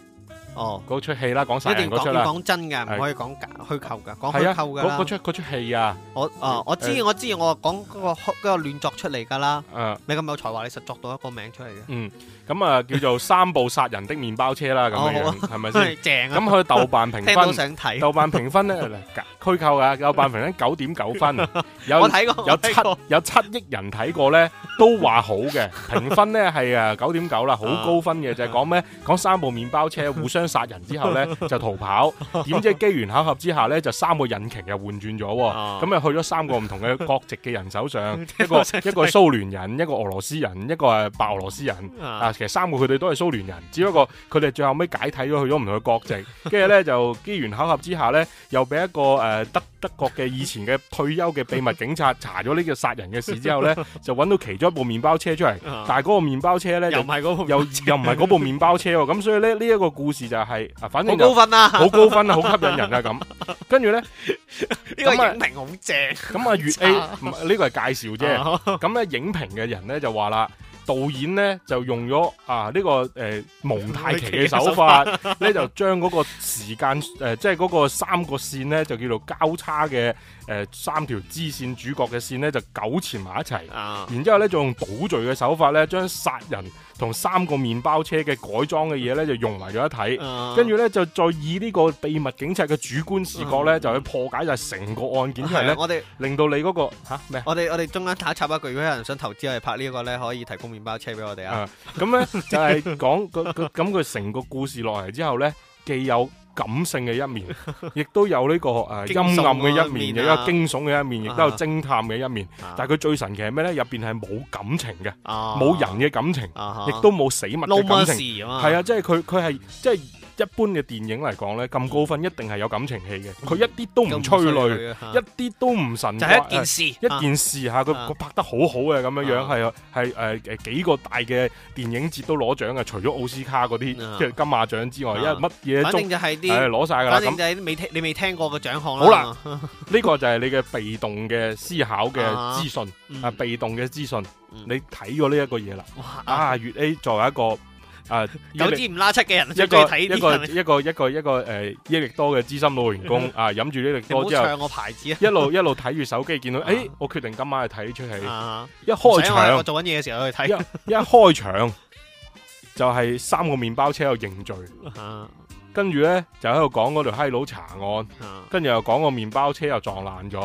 哦，嗰出戲啦，講晒。一定講要講真嘅，唔可以講假虛構噶，講虛構噶啦。嗰出嗰出戲啊！我啊，我知我知，我講嗰個嗰個亂作出嚟噶啦。誒，你咁有才華，你實作到一個名出嚟嘅。嗯。咁啊，叫做三部殺人的麪包車啦，咁樣樣，係咪先？正啊！咁佢豆瓣評分，豆瓣評分咧，區購啊，豆瓣評分九點九分，有有七有七億人睇過咧，都話好嘅，評分咧係啊九點九啦，好高分嘅，就係講咩？講三部麪包車互相殺人之後咧就逃跑，點知機緣巧合之下咧就三個引擎又換轉咗，咁啊去咗三個唔同嘅國籍嘅人手上，一個一個蘇聯人，一個俄羅斯人，一個係白俄羅斯人。其實三個佢哋都係蘇聯人，只不過佢哋最後屘解體咗，去咗唔同嘅國籍。跟住咧就機緣巧合之下咧，又俾一個誒、呃、德德國嘅以前嘅退休嘅秘密警察查咗呢個殺人嘅事之後咧，就揾到其中一部麵包車出嚟。但係嗰個麵包車咧又唔係嗰又又唔係嗰部麵包車喎又。咁 所以咧呢一、這個故事就係、是、啊，反正好高分啦、啊，好 高分啦，好吸引人啊咁。跟住咧呢 個影評好正。咁啊、嗯，粵 A 呢個係介紹啫。咁咧影評嘅人咧就話啦。導演咧就用咗啊呢、呢個誒、呃、蒙太奇嘅手法咧， 就將嗰個時間，誒，即係嗰個三個線咧，就叫做交叉嘅。誒，三條支線主角嘅線咧就糾纏埋一齊，啊、然之後咧就用倒敘嘅手法咧，將殺人同三個麵包車嘅改裝嘅嘢咧就融為咗一體，跟住咧就再以呢個秘密警察嘅主觀視角咧，就去破解就係成個案件，係、啊、我哋們令到你嗰、那個吓咩？我哋我哋中間打插一句，如果有人想投資我哋拍個呢個咧，可以提供麵包車俾我哋啊！咁咧就係講個咁個成個故事落嚟之後咧，既有。感性嘅一面，亦都有呢、呢個誒陰暗嘅一面，有個驚悚嘅一面，亦、uh huh. 都有偵探嘅一面。Uh huh. 但係佢最神奇係咩咧？入邊係冇感情嘅，冇、uh huh. 人嘅感情，亦、uh huh. 都冇死物嘅感情。係啊，即係佢佢係即係。即係一般嘅電影嚟講咧，咁高分一定係有感情戲嘅，佢一啲都唔催淚，一啲都唔神。就一件事，一件事吓，佢佢拍得好好嘅咁樣樣，係係誒誒幾個大嘅電影節都攞獎嘅，除咗奧斯卡嗰啲即係金馬獎之外，因為乜嘢中係攞晒噶啦。反正就係你未聽過嘅獎項啦。好啦，呢個就係你嘅被動嘅思考嘅資訊啊，被動嘅資訊，你睇咗呢一個嘢啦。啊，粵 A 作為一個。啊！有啲唔拉七嘅人，一個睇一個一個一個一個誒，益力多嘅資深老員工啊，飲住益力多之後，唱個牌子！啊！一路一路睇住手機，見到誒，我決定今晚去睇呢出戲。一開場，我做緊嘢嘅時候去睇。一開場就係三個麵包車又認罪，跟住咧就喺度講嗰條閪佬查案，跟住又講個麵包車又撞爛咗，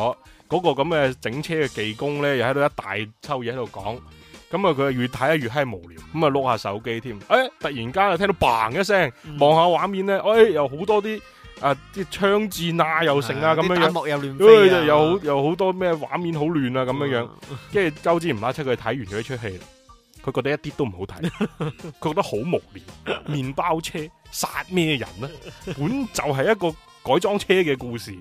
嗰個咁嘅整車嘅技工咧，又喺度一大抽嘢喺度講。咁啊，佢越睇啊越係無聊，咁啊碌下手機添。誒、欸，突然間又聽到砰一聲，望下畫面咧，誒又好多啲啊啲槍戰啊、嗯、又成啊咁樣、啊啊、樣，彈幕又亂飛又好又好多咩畫面好亂啊咁樣樣。跟住周知唔拉出佢睇完咗一出戲，佢覺得一啲都唔好睇，佢 覺得好無聊。麵 包車殺咩人咧？ 本就係一個改裝車嘅故事。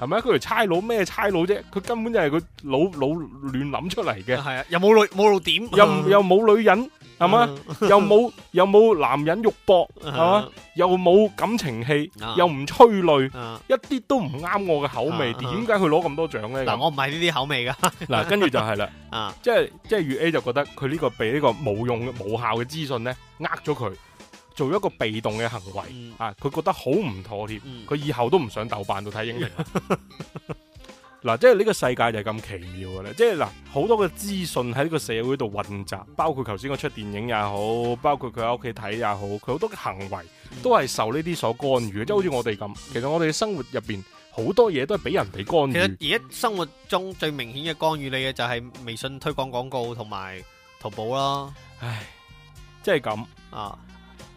係咪啊？佢條差佬咩？差佬啫！佢根本就係佢老老亂諗出嚟嘅。係啊，又冇女，冇路點，又又冇女人，係嘛？又冇又冇男人肉搏，係嘛？又冇感情戲，又唔催淚，一啲都唔啱我嘅口味。點解佢攞咁多獎咧？嗱，我唔係呢啲口味噶。嗱，跟住就係啦。啊，即係即係粵 A 就覺得佢呢個俾呢個冇用、無效嘅資訊咧，呃咗佢。做一個被動嘅行為，嗯、啊，佢覺得好唔妥帖，佢、嗯、以後都唔想豆瓣度睇電影。嗱、嗯 啊，即係呢個世界就係咁奇妙嘅咧，即係嗱，好、啊、多嘅資訊喺呢個社會度混雜，包括頭先我出電影也好，包括佢喺屋企睇也好，佢好多嘅行為都係受呢啲所干預嘅，即係好似我哋咁。其實我哋生活入邊好多嘢都係俾人哋干預。其實而家生活中最明顯嘅干預你嘅就係微信推廣廣告同埋淘寶啦。唉，即係咁啊。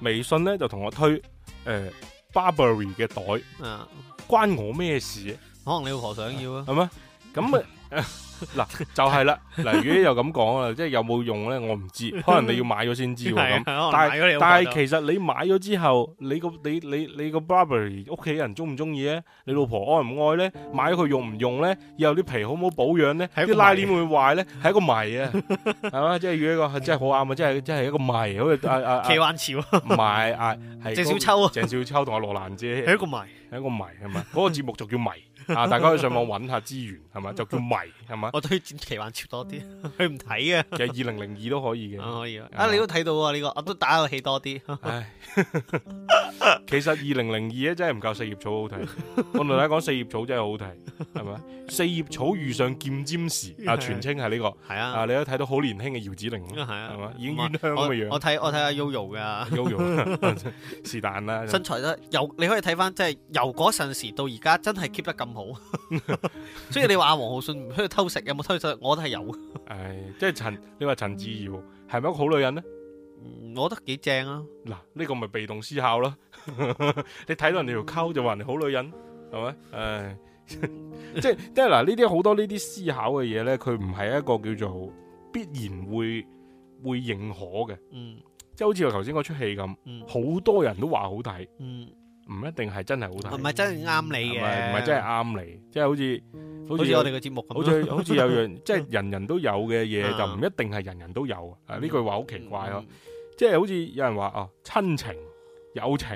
微信咧就同我推，誒、呃、Burberry 嘅袋，啊、關我咩事？可能你老婆想要啊，係咪？咁啊。 嗱就係啦，例、就是、如又咁講啊，即係有冇用咧？我唔知，可能你要買咗先知喎咁。 的但係但係其實你買咗之後，你個你你你個 Burberry 屋企人中唔中意咧？你老婆愛唔愛咧？買咗佢用唔用咧？以後啲皮好唔好保養咧？啲拉鏈會壞咧？係一個謎啊，係嘛？ 即係如果個真係好啱啊，即係真係一個謎，好似阿阿奇幻潮唔係啊，係鄭少秋啊，鄭少秋同阿羅蘭姐係一個謎，係一個謎，係嘛？嗰個節 目就叫謎。啊！大家可以上網揾下資源，係嘛？就叫迷，係嘛？我推薦奇幻超多啲，佢唔睇嘅。其實二零零二都可以嘅，可以啊！你都睇到啊？呢個我都打個戲多啲。其實二零零二真係唔夠四葉草好睇。我同大家講四葉草真係好好睇，係咪？四葉草遇上劍尖時啊，全稱係呢個係啊！你都睇到好年輕嘅姚子羚，係嘛？已經煙香嘅樣。我睇我睇下 Yoyo 噶，Yoyo 是但啦，身材咧由你可以睇翻，即係由嗰陣時到而家，真係 keep 得咁。好， 所以你話阿王浩信出去偷食有冇偷食？我都係有。唉、哎，即係陳，你話陳自瑤係咪一個好女人咧、嗯？我覺得幾正啊！嗱，呢、這個咪被動思考咯。 你睇到人哋條溝就話人哋好女人，係咪、嗯？唉、哎， 即係即係嗱，呢啲好多呢啲思考嘅嘢咧，佢唔係一個叫做必然會會認可嘅。嗯，即係好似我頭先嗰出戲咁，好、嗯、多人都話好睇。嗯。唔一定係真係好睇，唔係真係啱你嘅，唔係真係啱你，即係好似好似我哋嘅節目， 好似好似有樣即係人人都有嘅嘢， 就唔一定係人人都有啊！呢、嗯、句話好奇怪咯，即係、嗯、好似有人話、嗯、哦，親情、友情、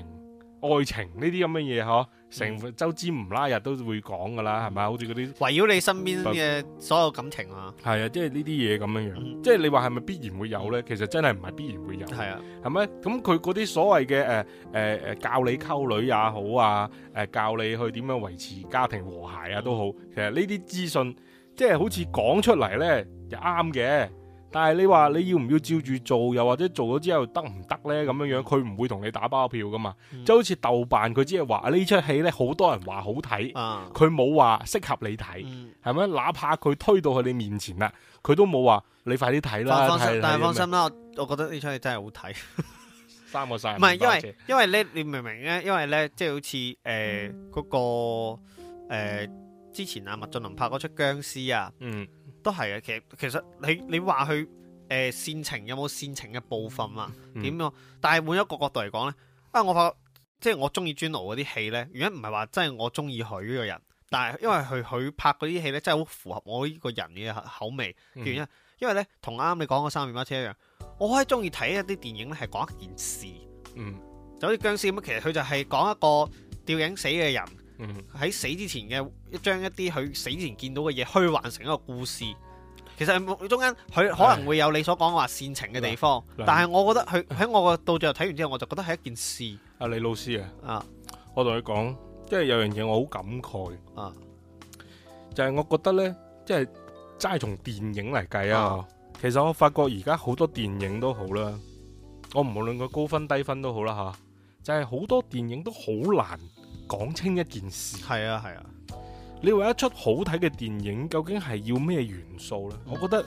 愛情呢啲咁嘅嘢嗬。這成周知唔拉日都會講噶啦，係咪？好似嗰啲圍繞你身邊嘅所有感情啊，係啊，即係呢啲嘢咁樣樣。即係你話係咪必然會有咧？其實真係唔係必然會有。係啊，係咪咁佢嗰啲所謂嘅誒誒誒教你溝女也好啊，誒、呃、教你去點樣維持家庭和諧啊都好。嗯、其實呢啲資訊即係好似講出嚟咧，就啱嘅。但係你話你要唔要照住做，又或者做咗之後得唔得呢？咁樣樣佢唔會同你打包票噶嘛，即係好似豆瓣佢只係話呢出戲呢，好多人話好睇，佢冇話適合你睇，係咪？哪怕佢推到去你面前啦，佢都冇話你快啲睇啦。但係放心啦，我覺得呢出戲真係好睇。三個晒唔係因為因為你明唔明呢？因為呢，即係好似誒嗰個誒之前阿麥浚龍拍嗰出僵屍啊嗯。都係嘅，其實其實你你話佢誒煽情有冇煽情嘅部分啊？點、嗯、樣？但係換一個角度嚟講咧，啊我發覺即係我中意 Juno 嗰啲戲咧，原因唔係話真係我中意佢呢個人，但係因為佢佢拍嗰啲戲咧，真係好符合我呢個人嘅口味。原因、嗯、因為咧，同啱啱你講嗰三面馬車一樣，我好閪中意睇一啲電影咧，係講一件事，嗯，就好似《僵屍》咁，其實佢就係講一個吊頸死嘅人。喺死之前嘅將一啲佢死前見到嘅嘢，虛幻成一個故事，其實中間佢可能會有你所講話煽情嘅地方，哎哎、但係我覺得佢喺，哎、我個到最後睇完之後，我就覺得係一件事。阿李老師啊，啊我同佢講，即、就、係、係、有樣嘢我好感慨啊，就係我覺得呢，即係齋從電影嚟計啊，啊其實我發覺而家好多電影都好啦，我無論佢高分低分都好啦吓，就係、係、好多電影都好難。講清一件事，係啊係啊，啊你話一出好睇嘅電影究竟係要咩元素咧？嗯、我覺得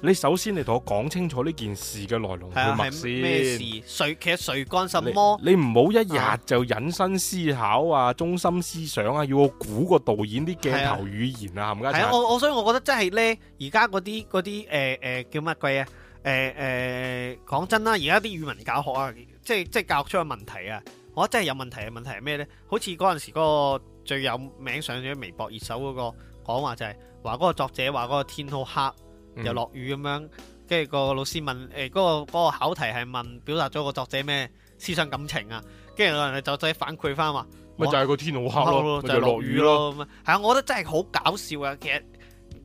你首先你同我講清楚呢件事嘅來龍去脈咩事？誰其實誰幹乜？你唔好一日就引申思考啊，中心思想啊，要我估個導演啲鏡頭語言啊，係啊，啊我我所以我覺得真係咧，而家嗰啲嗰啲誒誒叫乜鬼啊？誒、呃、誒，講、呃、真啦，而家啲語文教學啊，即係即係教出個問題啊！我覺得真係有問題嘅，問題係咩呢？好似嗰陣時嗰個最有名上咗微博熱搜嗰個講話就係話嗰個作者話嗰個天好黑又落雨咁樣，跟住、嗯、個老師問誒嗰、欸嗰個、嗰個考題係問表達咗個作者咩思想感情啊？跟住有人就再反饋翻話，咪就係個天好黑咯，就係落雨咯，係啊！我覺得真係好搞笑啊，其實。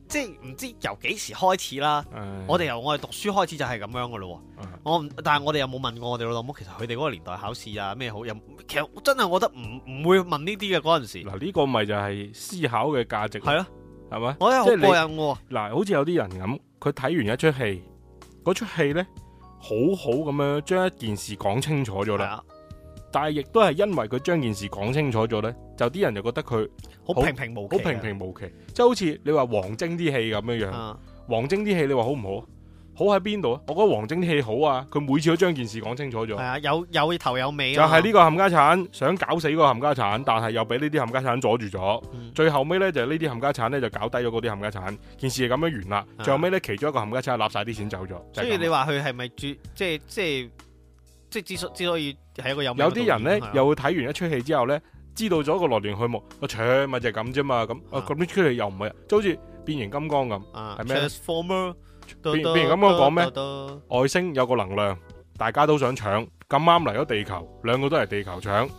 即係唔知由幾時開始啦，嗯、我哋由我哋讀書開始就係咁樣噶咯。嗯、我但係我哋又冇問過我哋老母？其實佢哋嗰個年代考試啊咩好，又其實我真係我覺得唔唔會問呢啲嘅嗰陣時。嗱呢個咪就係思考嘅價值係咯，係咪、啊？吧我真係好過癮嗱、啊，好似有啲人咁，佢睇完一出戲，嗰出戲咧好好咁樣將一件事講清楚咗啦。啊、但係亦都係因為佢將件事講清楚咗咧，就啲人就覺得佢。好平平無好平平無奇，即係好似你話王晶啲戲咁樣樣。王晶啲戲你話好唔好？好喺邊度啊？我覺得王晶啲戲好啊，佢每次都將件事講清楚咗。係啊，有有頭有尾。就係呢個冚家鏟想搞死個冚家鏟，但係又俾呢啲冚家鏟阻住咗。最後尾咧就呢啲冚家鏟咧就搞低咗嗰啲冚家鏟，件事就咁樣完啦。最後尾咧其中一個冚家鏟攬晒啲錢走咗。所以你話佢係咪主即係即係即係之所之所以係一個有有啲人咧，又會睇完一出戲之後咧。知道咗個來龍去脈，我搶咪就係咁啫嘛，咁我咁啲出嚟又唔係，就好似變形金剛咁，係咩、啊？變，變形金剛講咩？呃呃呃、外星有個能量，大家都想搶，咁啱嚟咗地球，兩個都係地球搶，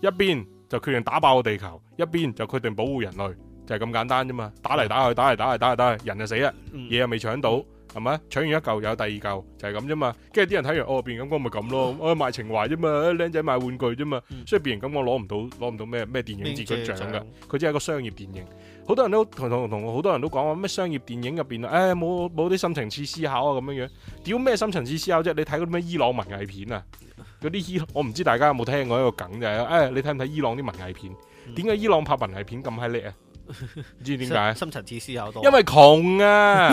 一邊就決定打爆個地球，一邊就決定保護人類，就係、是、咁簡單啫嘛，打嚟打去，打嚟打去，打嚟打，打，打去，人就死啦，嘢、嗯、又未搶到。係咪？搶完一嚿有第二嚿，就係咁啫嘛。跟住啲人睇完哦變形咁，我咪咁咯。我、啊、賣情懷啫嘛，僆、啊、仔賣玩具啫嘛。嗯、所以變形咁，我攞唔到攞唔到咩咩電影節獎嘅。佢只係個商業電影。好多人都同同同好多人都講話咩商業電影入邊啊，誒冇冇啲深層次思考啊咁樣樣。屌咩深層次思考啫、啊？你睇嗰啲咩伊朗文藝片啊？嗰啲伊我唔知大家有冇聽過一個梗就係誒，你睇唔睇伊朗啲文藝片？點解伊朗拍文藝片咁閪叻啊？唔知點解？深層次思考多，因為窮啊！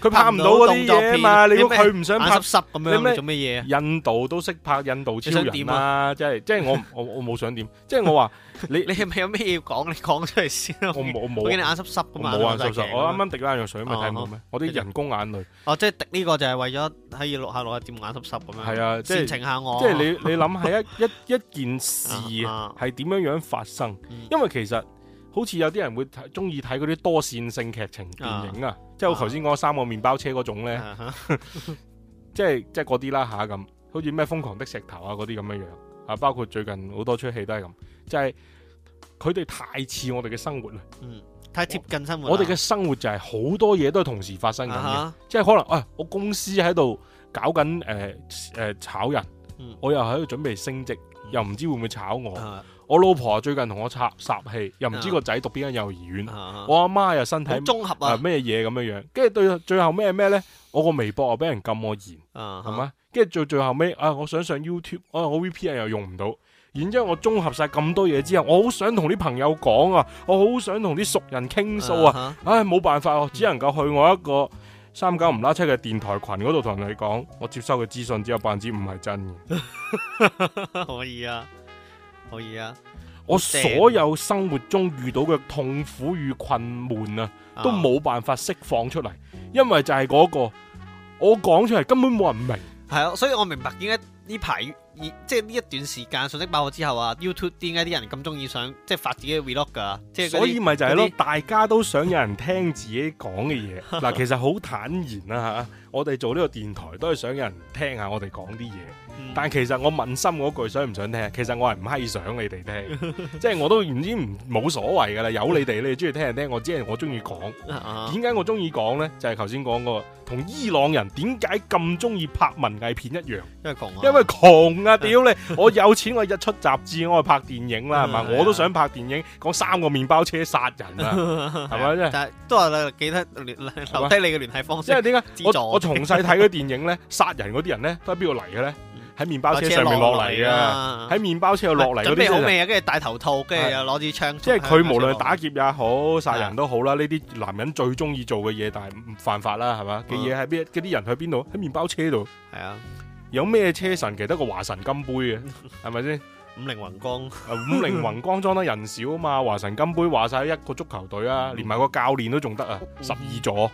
佢拍唔到嗰啲嘢嘛，你佢唔想拍濕濕咁樣做乜嘢？印度都識拍印度超人啊！即係即係我我我冇想點，即係我話你你係咪有咩要講？你講出嚟先我冇冇見你眼濕濕咁啊！我啱啱滴咗眼藥水咪睇到咩？我啲人工眼淚哦，即係滴呢個就係為咗可以落下落下點眼濕濕咁樣，係啊！即係情下我，即係你你諗下一一一件事係點樣樣發生？因為其實。好似有啲人會睇中意睇嗰啲多線性劇情電影啊，啊即係我頭先講三個麵包車嗰種咧、啊哈， 即係即係嗰啲啦吓咁，好似咩瘋狂的石頭啊嗰啲咁樣樣啊，包括最近好多出戲都係咁，即係佢哋太似我哋嘅生活啦，嗯，太貼近生活。我，我哋嘅生活就係好多嘢都係同時發生緊嘅，啊、哈即係可能啊、哎，我公司喺度搞緊誒誒炒人，嗯、我又喺度準備升職，又唔知會唔會炒我。啊哈啊我老婆最近同我插殺氣，又唔知個仔讀邊間幼兒園。啊啊、我阿媽又身體，咩嘢咁樣樣。跟住最最後咩咩呢？我個微博又俾人禁我言，係嘛、啊？跟住最最後尾啊！我想上 YouTube，、啊、我 VPN、啊、又用唔到。然之後我綜合晒咁多嘢之後，我好想同啲朋友講啊，我好想同啲熟人傾訴啊。啊啊唉，冇辦法、啊，我、嗯、只能夠去我一個三九唔拉七嘅電台群嗰度同你講。我接收嘅資訊只有百分之五係真嘅。 可以啊。可以啊！我所有生活中遇到嘅痛苦與困悶啊，都冇辦法釋放出嚟，因為就係嗰個，我講出嚟根本冇人明。係啊，所以我明白點解呢排。即係呢一段時間信息飽和之後啊，YouTube 點解啲人咁中意想即係發自己嘅 vlog 㗎？即所以咪就係咯，些大家都想有人聽自己講嘅嘢。嗱， 其實好坦然啊。嚇，我哋做呢個電台都係想有人聽下我哋講啲嘢。嗯、但其實我問心嗰句想唔想聽，其實我係唔閪想你哋聽，即係 我都唔知，冇所謂㗎啦。有你哋你中意聽人聽，我只係我中意講。點解 我中意講呢？就係頭先講嗰個同伊朗人點解咁中意拍文藝片一樣，因為窮，因為啊！屌你，我有錢，我日出雜誌，我去拍電影啦，係嘛？我都想拍電影，講三個麵包車殺人啊，係咪？即係都係記得留低你嘅聯繫方式。因為點解我我從細睇嗰啲電影咧，殺人嗰啲人咧都喺邊度嚟嘅咧？喺麵包車上面落嚟嘅，喺麵包車度落嚟。準備好咩啊？跟住戴頭套，跟住又攞支槍。即係佢無論打劫也好，殺人都好啦。呢啲男人最中意做嘅嘢，但係唔犯法啦，係嘛？嘅嘢喺邊？嗰啲人喺邊度？喺麵包車度。係啊。有咩車神記得個華晨金杯嘅係咪先？五菱宏光啊，五菱宏光裝得人少啊嘛，華晨金杯話晒一個足球隊啊，連埋個教練都仲得啊，十二座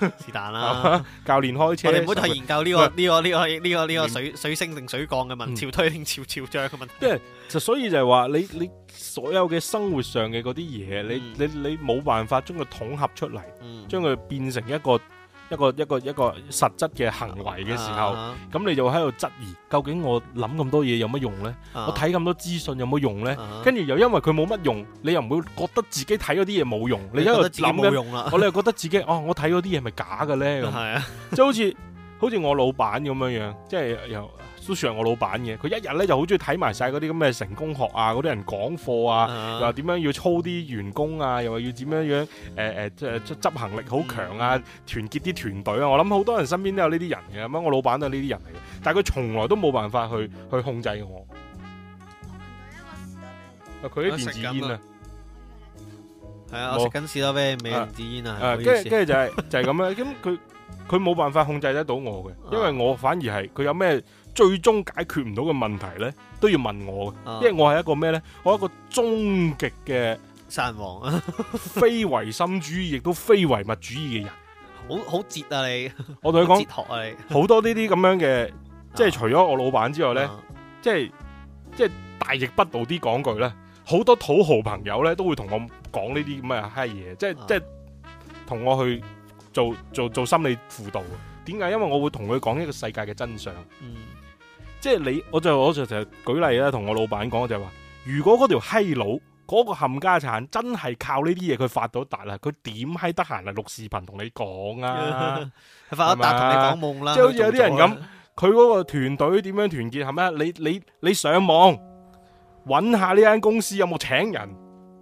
是但啦。教練開車，我哋唔好太研究呢個呢個呢個呢個呢個水水升定水降嘅問潮退定潮潮漲嘅問題。即係，就所以就係話你你所有嘅生活上嘅嗰啲嘢，你你你冇辦法將佢統合出嚟，將佢變成一個。一個一個一個實質嘅行為嘅時候，咁、uh huh. 你就喺度質疑，究竟我諗咁多嘢有乜用咧？Uh huh. 我睇咁多資訊有冇用咧？跟住、uh huh. 又因為佢冇乜用，你又唔會覺得自己睇咗啲嘢冇用，你一路諗緊，我你，你又覺得自己哦、啊，我睇咗啲嘢係咪假嘅咧咁，即係好似、uh huh. 好似我老闆咁樣樣，即係又。都算係我老闆嘅，佢一日咧就好中意睇埋晒嗰啲咁嘅成功學啊，嗰啲人講課啊，啊又話點樣要操啲員工啊，又話要點樣樣誒誒，即係執行力好強啊，團結啲團隊啊。我諗好多人身邊都有呢啲人嘅，咁我老闆都係呢啲人嚟嘅，但係佢從來都冇辦法去去控制我。啊，佢啲電子煙啊，係啊，我食緊士多啤梨味嘅電子煙啊，跟住跟住就係、係、 就係咁樣，咁佢佢冇辦法控制得到我嘅，因為我反而係佢有咩？最終解決唔到嘅問題咧，都要問我、啊、因為我係一個咩咧？我係一個終極嘅神山王， 非唯心主義亦都非唯物主義嘅人，好好哲啊你！我同你講，哲學啊你，好多呢啲咁樣嘅，即係除咗我老闆之外咧、啊，即係即係大逆不道啲講句咧，好多土豪朋友咧都會同我講呢啲咁嘅閪嘢，即係即係同我去做做做，做，做心理輔導。點解？因為我會同佢講呢個世界嘅真相。嗯嗯即係你，我就我就成日舉例啦，同我老闆講就係、是、話，如果嗰條閪佬嗰個冚家產真係靠呢啲嘢佢發到達啦，佢點閪得閒嚟錄視頻同你講啊？ 發到得達同吧你講夢啦！即係好似有啲人咁，佢嗰做個團隊點樣團結係咩？你你你上網揾下呢間公司有冇請人，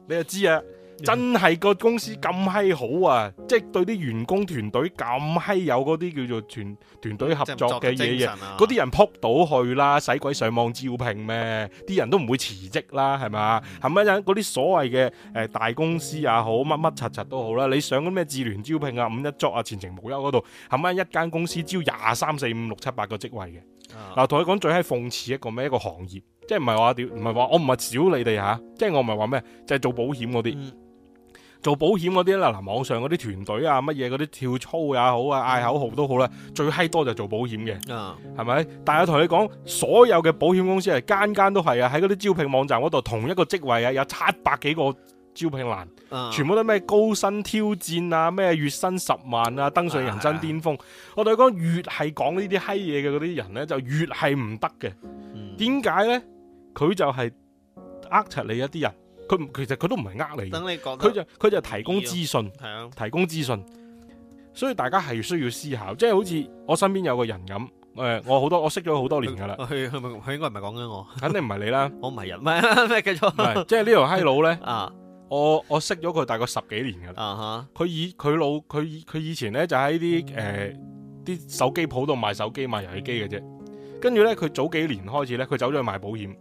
你就知啊。真係個公司咁閪好啊！即係對啲員工團隊咁閪有嗰啲叫做團團隊合作嘅嘢嘢，嗰啲、啊、人撲到去啦，使鬼上網招聘咩？啲人都唔會辭職啦，係嘛？係咪嗰啲所謂嘅誒大公司又好，乜乜柒柒都好啦？你上嗰咩智聯招聘啊、五一 job 啊、前程無憂嗰度，係咪一間公司招廿三四五六七八個職位嘅？嗱，同你講最閪諷刺一個咩一個行業，即係唔係話屌，唔係話我唔係少你哋吓、啊，即係我唔係話咩，就係、是、做保險嗰啲，嗯、做保險嗰啲啦，嗱、啊、網上嗰啲團隊啊，乜嘢嗰啲跳操也好啊，嗌口號都好啦，嗯、最閪多就做保險嘅，係咪、嗯？但係我同你講，所有嘅保險公司係間間都係啊，喺嗰啲招聘網站嗰度同一個職位啊，有七百幾個。招聘難，嗯、全部都咩高薪挑戰啊，咩月薪十萬啊，登上人生巔峰。哎、呀我對佢講，越係講呢啲閪嘢嘅嗰啲人咧，就越係唔得嘅。點解咧？佢就係呃柒你一啲人，佢其實佢都唔係呃你。等你講、啊，佢就佢就提供資訊，係啊，提供資訊。所以大家係需要思考，即、就、係、是、好似我身邊有個人咁，誒、呃，我好多我識咗好多年噶啦。佢佢唔佢應該唔係講緊我，肯定唔係你啦。我唔係人，係咩繼續？即係呢條閪佬咧啊！我我識咗佢大概十幾年噶啦，佢、uh huh. 以佢老佢佢以前咧就喺啲誒啲手機鋪度賣手機賣遊戲機嘅啫，跟住咧佢早幾年開始咧佢走咗去賣保險，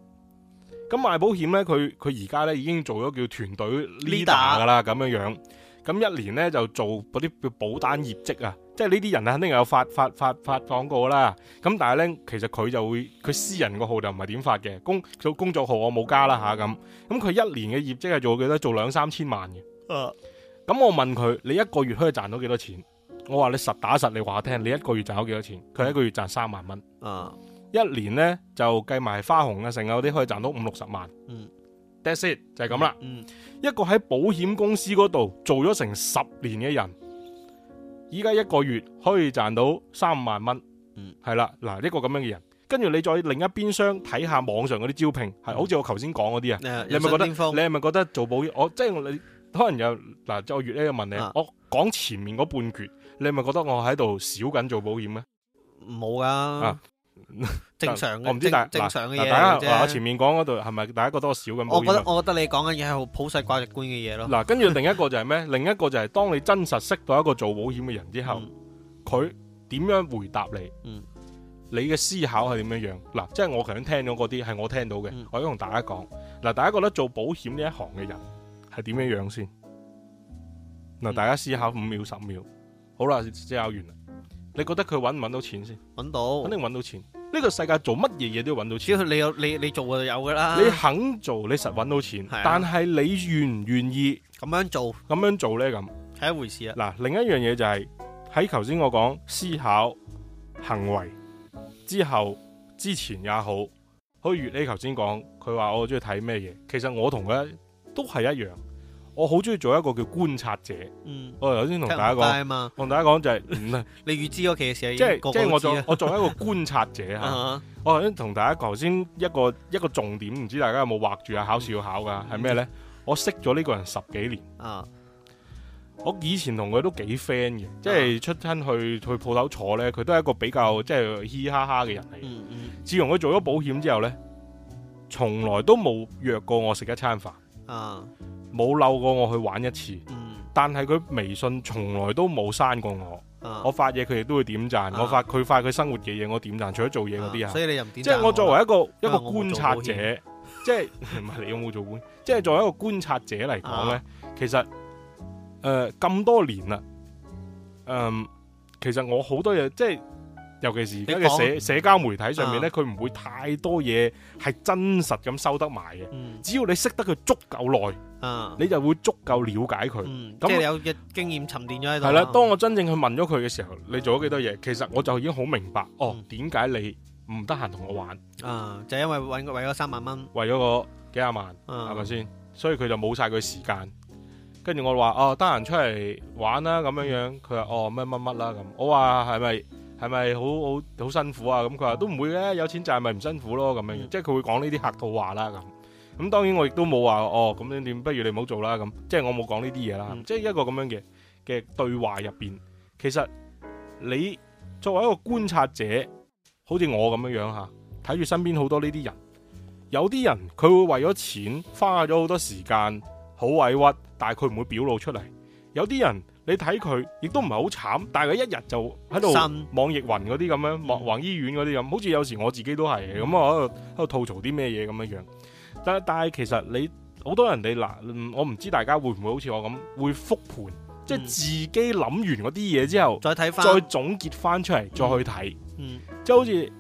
咁賣保險咧佢佢而家咧已經做咗叫團隊 leader 噶啦咁樣樣。咁一年咧就做嗰啲叫保單業績啊，即係呢啲人咧肯定有發發發發廣告啦。咁但係咧，其實佢就會佢私人個號就唔係點發嘅，工做工作號我冇加啦吓，咁。咁佢一年嘅業績係做幾多？做兩三千萬嘅。啊，咁我問佢你一個月可以賺到幾多錢？我話你實打實你話我聽，你一個月賺到幾多錢？佢一個月賺三萬蚊。Uh, 啊，一年咧就計埋花紅啦，剩有啲可以賺到五六十萬。嗯。That’s it，就係咁啦，嗯嗯、一個喺保險公司嗰度做咗成十年嘅人，依家一個月可以賺到三萬蚊，係啦、嗯，嗱呢個咁樣嘅人，跟住你再另一邊廂睇下網上嗰啲招聘，係、嗯、好似我頭先講嗰啲啊，嗯、你係咪覺得，你係咪覺得做保險，我即係你可能有嗱，我越嚟越問你，啊、我講前面嗰半橛，你係咪覺得我喺度少緊做保險咧？冇㗎、啊。啊正常嘅，唔 知但正，啦正常嘅嘢家。嗱、啊，我前面講嗰度係咪大家個多少咁？我覺得我覺得你講嘅嘢係好普世價值觀嘅嘢咯。嗱，跟住另一個就係咩？ 另一個就係當你真實識到一個做保險嘅人之後，佢點、嗯、樣回答你？嗯、你嘅思考係點樣樣？嗱，即係我頭先聽咗嗰啲係我聽到嘅，嗯、我想同大家講。嗱，大家覺得做保險呢一行嘅人係點樣樣先？嗱，大家思考五秒十秒，好啦，思考完。你覺得佢搵唔搵到錢先？搵到，肯定搵到錢。呢個世界做乜嘢嘢都要搵到錢。你有你你做就有噶啦。你肯做，你實搵到錢。的但係你願唔願意咁樣做？咁樣做呢？咁係一回事啊。嗱，另一樣嘢就係喺頭先我講思考行為之後之前也好，好似你頭先講，佢話我中意睇咩嘢，其實我同佢都係一樣。我好中意做一個叫觀察者。嗯，我頭先同大家講，同大家講就係你預知嗰其嘅事，即係即係我做我做一個觀察者吓。我頭先同大家頭先一個一個重點，唔知大家有冇畫住啊？考試要考噶係咩咧？我識咗呢個人十幾年啊，我以前同佢都幾 friend 嘅，即係出親去去鋪頭坐咧，佢都係一個比較即係嘻嘻哈哈嘅人嚟。嗯嗯，自從佢做咗保險之後咧，從來都冇約過我食一餐飯啊。冇漏過我去玩一次，嗯、但係佢微信從來都冇刪過我。啊、我發嘢佢亦都會點贊。啊、我發佢發佢生活嘅嘢我點贊，除咗做嘢嗰啲啊。所以你又唔點？即係我作為一個一個觀察者，即係唔係你有冇做觀？ 即係作為一個觀察者嚟講呢，啊、其實誒咁、呃、多年啦，嗯、呃，其實我好多嘢即係。尤其是而家嘅社社交媒體上面咧，佢唔、嗯、會太多嘢係真實咁收得埋嘅。嗯、只要你識得佢足夠耐，嗯、你就會足夠了解佢。咁係、嗯、你有嘅經驗沉澱咗喺度。係啦，當我真正去問咗佢嘅時候，嗯、你做咗幾多嘢？其實我就已經好明白哦，點解、嗯、你唔得閒同我玩？啊、嗯，就係、因為搵為咗三萬蚊，為咗個幾廿萬，係咪先？所以佢就冇晒佢時間。跟住我話哦，得閒出嚟玩啦咁樣樣，佢話哦乜乜乜啦咁。我話係咪？係咪好好好辛苦啊？咁佢話都唔會嘅，有錢賺咪唔辛苦咯咁樣，嗯、即係佢會講呢啲客套話啦咁。咁、嗯嗯、當然我亦都冇話哦，咁樣點，不如你唔好做啦咁。即係我冇講呢啲嘢啦，嗯、即係一個咁樣嘅嘅對話入邊，其實你作為一個觀察者，好似我咁樣樣吓，睇住身邊好多呢啲人，有啲人佢會為咗錢花咗好多時間，好委屈，但係佢唔會表露出嚟。有啲人。你睇佢，亦都唔係好慘，但係佢一日就喺度，網易雲嗰啲咁樣，望雲醫院嗰啲咁，好似有時我自己都係咁啊，喺度喺度吐槽啲咩嘢咁樣樣。但係但係其實你好多人哋嗱，我唔知大家會唔會好似我咁，會覆盤，即係自己諗完嗰啲嘢之後，嗯、再睇翻，再總結翻出嚟，再去睇。即係、嗯嗯、好似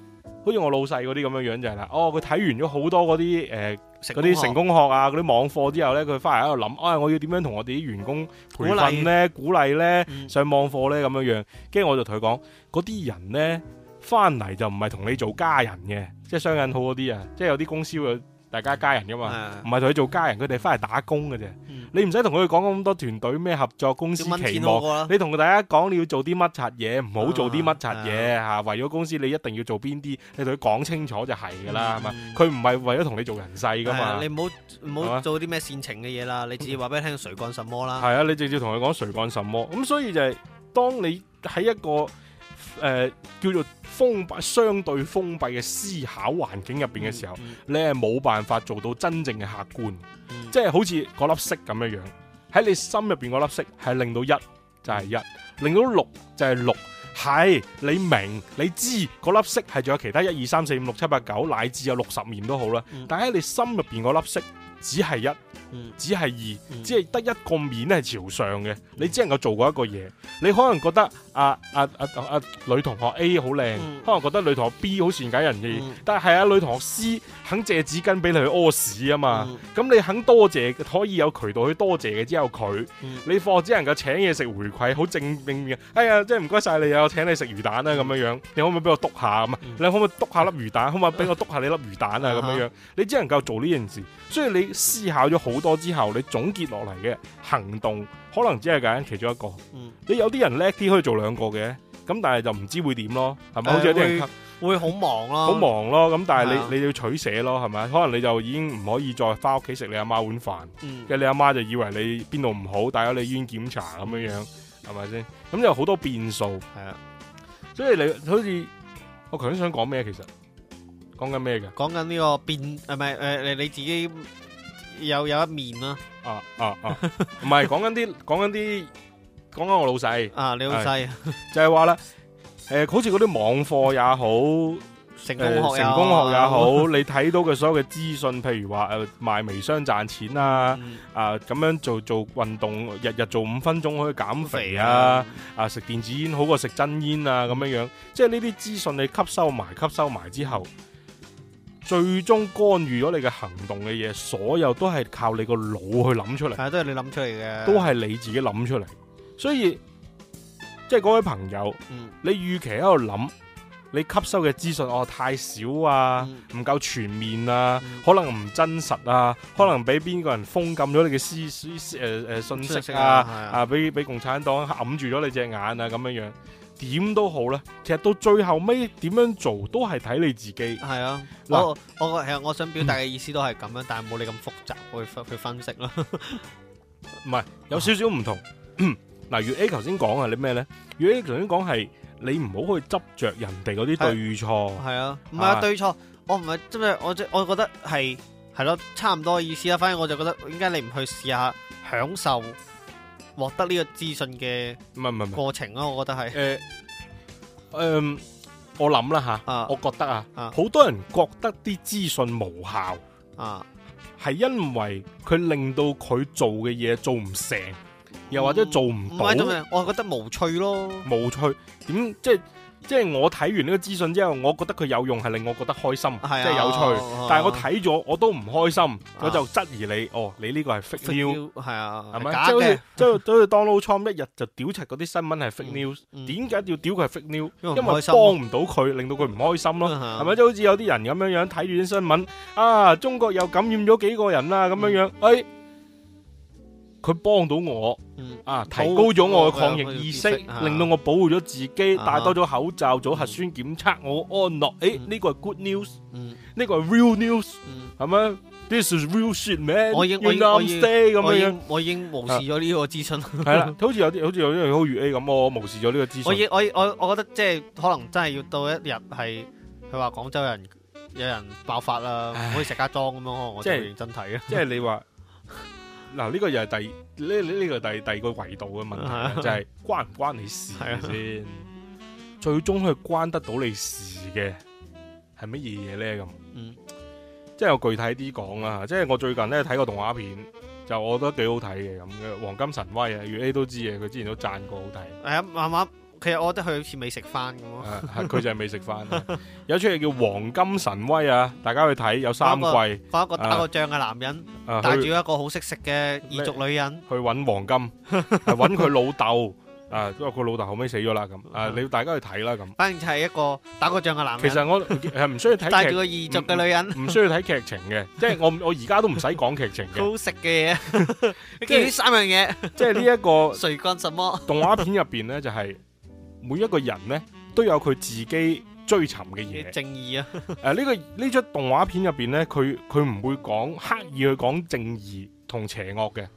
好似我老細嗰啲咁樣樣就係啦。哦，佢睇完咗好多嗰啲誒。呃嗰啲成，成功學啊，嗰啲網課之後咧，佢翻嚟喺度諗，啊、哎，我要點樣同我哋啲員工鼓勵咧？立鼓勵咧，嗯、上網課咧咁樣樣。跟住我就同佢講，嗰啲人咧翻嚟就唔係同你做家人嘅，即係雙引號嗰啲啊，即係有啲公司會。大家家人噶嘛，唔係同佢做家人，佢哋翻嚟打工噶啫。你唔使同佢講咁多團隊咩合作公司期望，你同大家講你要做啲乜柒嘢，唔好做啲乜柒嘢吓。為咗公司，你一定要做邊啲，你同佢講清楚就係噶啦，係嘛？佢唔係為咗同你做人世噶嘛。你唔好唔好做啲咩煽情嘅嘢啦，你自己話俾佢聽誰幹什麼啦。係啊，你直接同佢講誰幹什麼。咁所以就係當你喺一個。誒、呃，叫做封閉相對封閉嘅思考環境入邊嘅時候，嗯嗯、你係冇辦法做到真正嘅客觀，嗯、即係好似嗰粒色咁樣樣，喺你心入邊嗰粒色係令到一就係一，令到六就係六，係你明你知嗰粒色係仲有其他一二三四五六七八九，乃至有六十面都好啦，但喺你心入邊嗰粒色只係一。只係二、嗯，只係得一個面係朝上嘅，你只能夠做過一個嘢。你可能覺得啊啊啊啊女同學 A 好靚，嗯、可能覺得女同學 B 好善解人意，嗯、但係啊，女同學 C 肯借紙巾俾你去屙屎啊嘛。咁、嗯嗯、你肯多謝，可以有渠道去多謝嘅只有佢。嗯、你課只能夠請嘢食回饋，好正面嘅。哎呀，即係唔該晒你啊，我請你食魚蛋啦咁樣樣，你可唔可以俾我篤下啊？嗯、你可唔可以篤下粒魚蛋？可唔可以俾我篤下你粒魚蛋啊？咁樣樣，你只能夠、啊、做呢件事，所事。所以你思考咗好多之後，你總結落嚟嘅行動可能只係揀其中一個。嗯、你有啲人叻啲可以做兩個嘅，咁但係就唔知會點咯，係咪？欸、好似有啲人會好忙咯，好、嗯、忙咯。咁但係你、啊、你就要取捨咯，係咪？可能你就已經唔可以再翻屋企食你阿媽碗飯，其實、嗯、你阿媽就以為你邊度唔好，帶咗你醫院檢查咁樣樣，係咪先？咁有好多變數，係啊。所以你好似我頭先想講咩，其實講緊咩嘅？講緊呢個變係咪？誒誒，你自己。又有，有一面啦、啊啊，啊啊啊！唔係講緊啲，講緊啲，講緊我老細啊，你老細就係話啦，誒、呃，好似嗰啲網課也好，成功學也好，啊、你睇到嘅所有嘅資訊，譬如話誒、呃、賣微商賺錢啊，嗯、啊咁樣做做運動，日日做五分鐘可以減肥啊，肥啊食、啊、電子煙好過食真煙啊，咁樣樣，即係呢啲資訊你吸收埋，吸收埋之後。最終干預咗你嘅行動嘅嘢，所有都係靠你個腦去諗出嚟。都係你諗出嚟嘅，都係你自己諗出嚟。所以即係各位朋友，嗯、你預期喺度諗，你吸收嘅資訊哦太少啊，唔夠、嗯、全面啊，嗯、可能唔真實啊，嗯、可能俾邊個人封禁咗你嘅私誒誒信息啊，息啊俾俾、啊啊、共產黨揞住咗你隻眼啊，咁樣樣。點都好咧，其實到最後尾點樣做都係睇你自己。係啊，啊，啊，我我其實我想表達嘅意思都係咁樣，嗯、但係冇你咁複雜去分去分析啦。唔 係有少少唔同，嗱， 如 A 頭先講係，你咩咧？如 A 頭先講係你唔好去執着人哋嗰啲對錯。係啊，唔係啊，啊對錯，我唔係執着，我即我覺得係係咯，差唔多意思啦。反正我就覺得點解你唔去試下享受？獲得呢個資訊嘅唔係唔係過程咯、啊，我覺得係誒誒，我諗啦吓，啊、我覺得啊，好、啊、多人覺得啲資訊無效啊，係因為佢令到佢做嘅嘢做唔成，又或者做唔到、嗯，我覺得無趣咯，無趣點即係。即係我睇完呢個資訊之後，我覺得佢有用，係令我覺得開心，即係有趣。但係我睇咗，我都唔開心，我就質疑你，哦，你呢個係 fake news，係啊，係咪？即係好似，即係好似 Donald Trump 一日就屌柒嗰啲新聞係 fake news，點解要屌佢係 fake news？因為幫唔到佢，令到佢唔開心咯，係咪？即係好似有啲人咁樣樣睇住啲新聞，啊，中國又感染咗幾個人啦，咁樣樣，哎。佢幫到我啊，提高咗我嘅抗疫意識，令到我保護咗自己，戴多咗口罩，做核酸檢測，我安樂。誒，呢個係 good news，呢個係 real news，係咪？This is real shit man。我已經我已經我已經我已經無視咗呢個資訊。係啦，好似有啲好似有啲好似粵 A 咁，我無視咗呢個資訊。我已我我我覺得即係可能真係要到一日係佢話廣州人有人爆發啦，好似石家莊咁樣，我就會認真睇嘅。即係你話。嗱，呢個又係第呢呢呢個第第二個維度嘅問題，啊、就係關唔關你事先？啊、最終佢關得到你事嘅係乜嘢嘢咧？咁、嗯，即係我具體啲講啊，即係我最近咧睇個動畫片，就我覺得幾好睇嘅咁嘅《黃金神威》啊，月 A 都知嘅，佢之前都讚過好睇。係啊，慢、嗯、慢。嗯其實我覺得佢好似未食飯咁佢就係未食飯。有齣戲叫《黃金神威》啊，大家去睇，有三季，一個打過仗嘅男人，帶住一個好識食嘅異族女人去搵黃金，搵佢老豆。誒，因為佢老豆後尾死咗啦咁。誒，你大家去睇啦咁。反正就係一個打過仗嘅男人。其實我唔需要睇，帶住個異族嘅女人，唔需要睇劇情嘅，即係我我而家都唔使講劇情嘅。好食嘅嘢，呢三樣嘢，即係呢一個。誰幹什麼？動畫片入邊咧就係。每一個人咧都有佢自己追尋嘅嘢，正義啊！誒、 呃，呢、這個呢出動畫片入邊咧，佢佢唔會講刻意去講正義同邪惡嘅，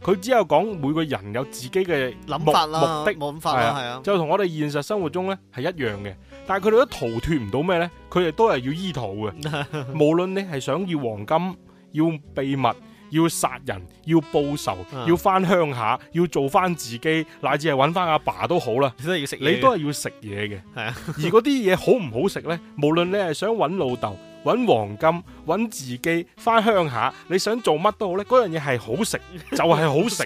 佢只有講每個人有自己嘅諗法啦，目的冇法啦係啊，啊啊就同我哋現實生活中咧係一樣嘅。但係佢哋都逃脫唔到咩咧？佢哋都係要醫肚嘅， 無論你係想要黃金、要秘密。要殺人，要報仇，要翻鄉下，要做翻自己，乃至係搵翻阿爸都好啦。你都係要食，你都係要食嘢嘅。係啊，而嗰啲嘢好唔好食咧？無論你係想搵老豆。搵黃金，搵自己返鄉下，你想做乜都好咧。嗰樣嘢係好食，就係好食；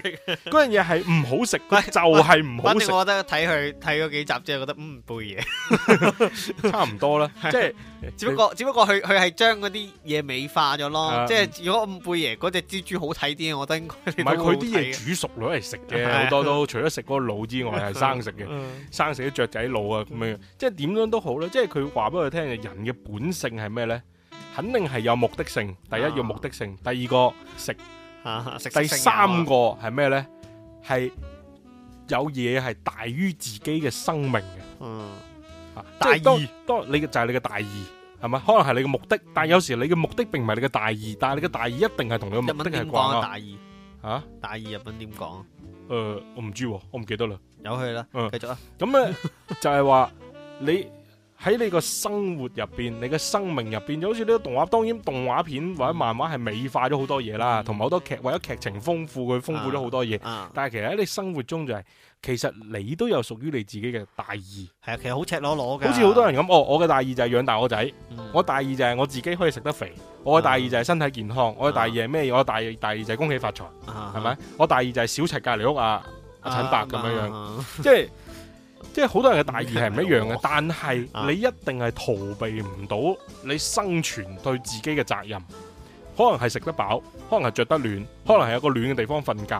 嗰樣嘢係唔好食，就係唔好食。反正我覺得睇佢睇嗰幾集之後，覺得嗯，貝爺差唔多啦。即係只不過只不過佢佢係將嗰啲嘢美化咗咯。即係如果貝爺嗰隻蜘蛛好睇啲，我覺得應該唔係佢啲嘢煮熟攞嚟食嘅。好多都除咗食嗰個腦之外，係生食嘅，生食啲雀仔腦啊咁樣。即係點樣都好啦。即係佢話俾我聽，人嘅本性係咩咧？肯定係有目的性，第一要目的性，第二個食，第三個係咩咧？係有嘢係大於自己嘅生命嘅。嗯，吓，大義，當你嘅就係你嘅大義，係咪？可能係你嘅目的，但係有時你嘅目的並唔係你嘅大義，但係你嘅大義一定係同你嘅目的係關。大義。吓，大義日文點講？誒，我唔知，我唔記得啦。有去啦，嗯，繼續啊。咁咧就係話你，喺你個生活入邊，你嘅生命入邊，就好似呢個動畫。當然，動畫片或者漫畫係美化咗好多嘢啦，同埋好多劇為咗劇情豐富，佢豐富咗好多嘢。嗯嗯、但係其實喺你生活中就係、是，其實你都有屬於你自己嘅大意。係啊，其實好赤裸裸嘅。好似好多人咁，哦，我嘅大意就係養大我仔，嗯、我大意就係我自己可以食得肥，我嘅大意就係身體健康，我嘅大意係咩？我嘅大意大意就係恭喜發財，係咪、嗯嗯？我大意就係小赤隔籬屋啊，阿陳伯咁樣樣，即係。即係好多人嘅大義係唔一樣嘅，嗯、是是但係你一定係逃避唔到你生存對自己嘅責任。可能係食得飽，可能係着得暖，可能係有個暖嘅地方瞓覺。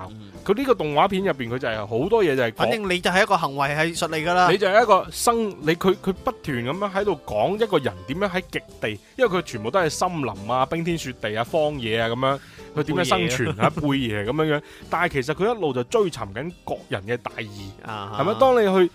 佢呢、嗯、個動畫片入邊，佢就係好多嘢就係。反正你就係一個行為藝術嚟噶啦。你就係一個生你佢佢不斷咁樣喺度講一個人點樣喺極地，因為佢全部都係森林啊、冰天雪地啊、荒野啊咁樣，佢點樣生存啊、貝爺咁樣樣。但係其實佢一路就追尋緊各人嘅大義，係咪、啊哈？當你去。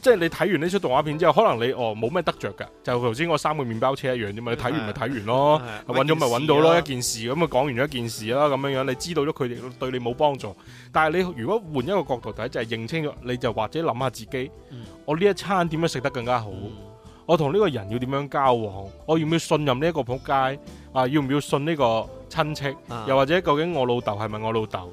即係你睇完呢出動畫片之後，可能你哦冇咩得着嘅，就頭先嗰三個麵包車一樣啫嘛。你睇完咪睇完咯，搵咗咪搵到咯一件事咁啊，講、嗯、完咗一件事啦，咁樣樣你知道咗佢哋對你冇幫助。但係你如果換一個角度睇，就係、是、認清咗，你就或者諗下自己，嗯、我呢一餐點樣食得更加好？嗯、我同呢個人要點樣交往？我要唔要信任呢一個仆街？啊，要唔要信呢個親戚？啊、又或者究竟我老豆係咪我老豆？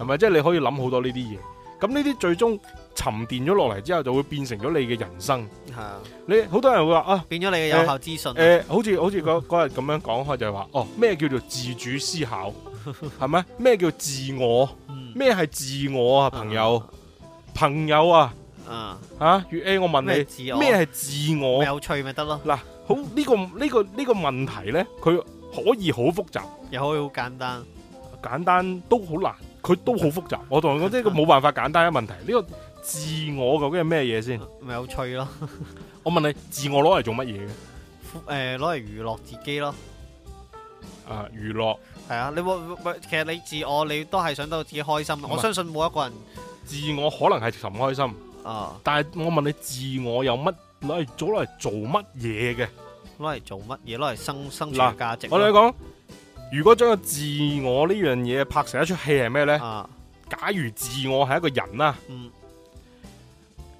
係咪即係你可以諗好多呢啲嘢？咁呢啲最終。沉澱咗落嚟之後，就會變成咗你嘅人生。係你好多人會話啊，變咗你嘅有效資訊。誒，好似好似嗰日咁樣講開，就係話哦，咩叫做自主思考？係咪咩叫自我？咩係自我啊，朋友？朋友啊，啊，啊，越 A 我問你咩係自我？咩係自我？有趣咪得咯？嗱，好呢個呢個呢個問題咧，佢可以好複雜，又可以好簡單，簡單都好難，佢都好複雜。我同你講，即係一個冇辦法簡單嘅問題。呢個。自我究竟係咩嘢先？咪有趣咯！ 我問你，自我攞嚟做乜嘢嘅？誒、呃，攞嚟娛樂自己咯。啊，娛樂係啊！你冇其實你自我你都係想到自己開心。是我相信每一個人自我可能係尋開心啊。但係我問你，自我有乜攞嚟做攞嚟做乜嘢嘅？攞嚟做乜嘢？攞嚟生生存價值、啊啊。我同你講，如果將個自我呢樣嘢拍成一出戲係咩咧？啊，假如自我係一個人啦、啊。嗯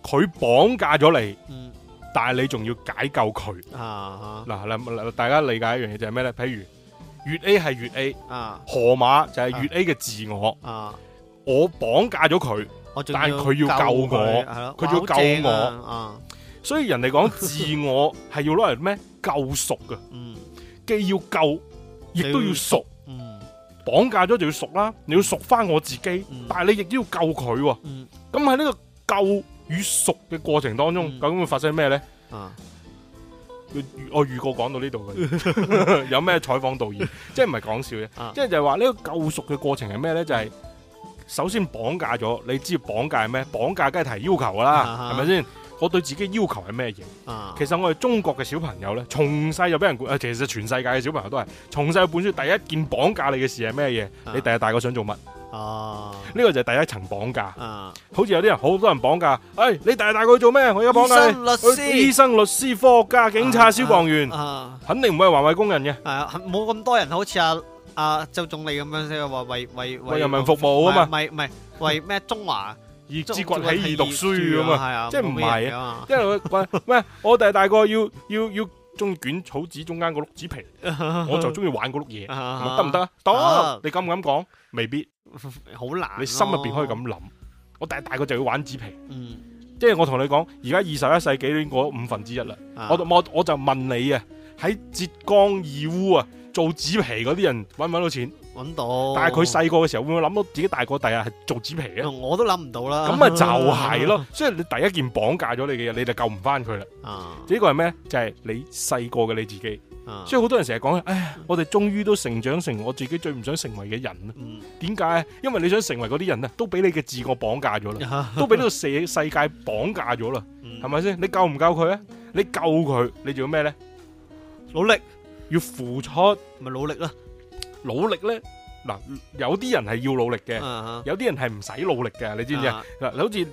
佢綁架咗你，但係你仲要解救佢。嗱，大家理解一樣嘢就係咩咧？譬如粵 A 係粵 A，河馬就係粵 A 嘅自我。我綁架咗佢，但係佢要救我，佢要救我。所以人哋講自我係要攞嚟咩？救贖嘅，既要救，亦都要贖。綁架咗就要贖啦，你要贖返我自己，但係你亦都要救佢。咁喺呢個救。救贖嘅過程當中，究竟會發生咩咧？啊，我預過講到呢度嘅，有咩採訪導演，即係唔係講笑嘅，即係就係話呢個救贖嘅過程係咩咧？就係首先綁架咗，你知綁架係咩？綁架梗係提要求㗎啦，係咪先？我對自己要求係咩嘢？其實我哋中國嘅小朋友咧，從細就俾人管，其實全世界嘅小朋友都係，從細本書第一件綁架你嘅事係咩嘢？你第日大個想做乜？哦，呢、啊、個就係第一層綁架啊！好似有啲人好多人綁架，誒、哎，你大大個做咩？我而家綁醫生、律師、醫生、律師、科學家、警察、消防員，肯定唔會係環衞工人嘅係啊，冇咁多人好似阿阿周總理咁樣即係話為為為人民服務啊嘛，唔係唔係為咩中華而之崛起而讀書咁啊？係啊，即係唔係啊？因為喂喂，我大大個要要要中卷草紙中間個碌紙皮，我就中意玩嗰碌嘢得唔得啊？得，你敢唔敢講？未必。 好難、啊，你心入邊可以咁諗，我大大個就要玩紙皮，嗯，即係我同你講，而家二十一世紀已經過咗五分之一啦，我我、啊、我就問你啊，喺浙江義烏啊做紙皮嗰啲人，搵唔搵到錢？搵到。但係佢細個嘅時候會唔會諗到自己大個第日係做紙皮啊、嗯？我都諗唔到啦，咁啊就係咯，嗯、所以你第一件綁架咗你嘅嘢，你就救唔翻佢啦，啊，呢個係咩？就係、是、你細個嘅你自己。所以好多人成日講，哎呀，我哋終於都成長成我自己最唔想成為嘅人啦。點解？因為你想成為嗰啲人啊，都俾你嘅自我綁架咗啦，都俾呢個社世界綁架咗啦，係咪先？你救唔救佢啊？你救佢，你做咩咧？努力，要付出，咪努力啦。努力咧，嗱，有啲人係要努力嘅，有啲人係唔使努力嘅，你知唔知啊？嗱，好似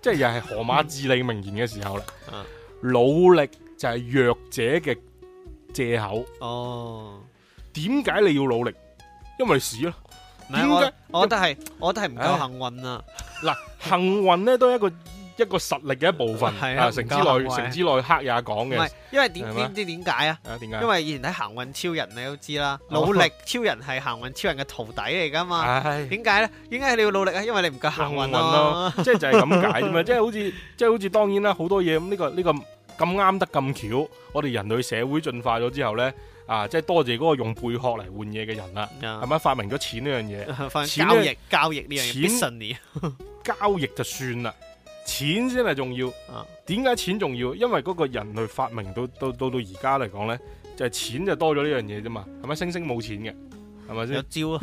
即係又係河馬智利名言嘅時候啦。努力就係弱者嘅。借口哦，點解你要努力？因為屎咯，唔係我，我覺得係，我覺得係唔夠幸運啊！嗱，幸運咧都係一個一個實力嘅一部分，係啊。城之內，城之內克也講嘅，唔係因為點？知點解啊？點解？因為以前睇行運超人，你都知啦。努力超人係行運超人嘅徒弟嚟噶嘛？點解咧？點解你要努力啊？因為你唔夠行運咯。即係就係咁解啫嘛！即係好似，即係好似，當然啦，好多嘢咁呢個呢個。咁啱得咁巧，我哋人類社會進化咗之後呢，啊，即係多謝嗰個用貝殼嚟換嘢嘅人啦，係咪 Yeah. 發明咗錢呢樣嘢？交易錢順 交易呢樣嘢就算啦，錢先係重要。點解 Yeah. 錢重要？因為嗰個人類發明到到到到而家嚟講呢，就係、是、錢就多咗呢樣嘢啫嘛，係咪星星冇錢嘅？係咪先？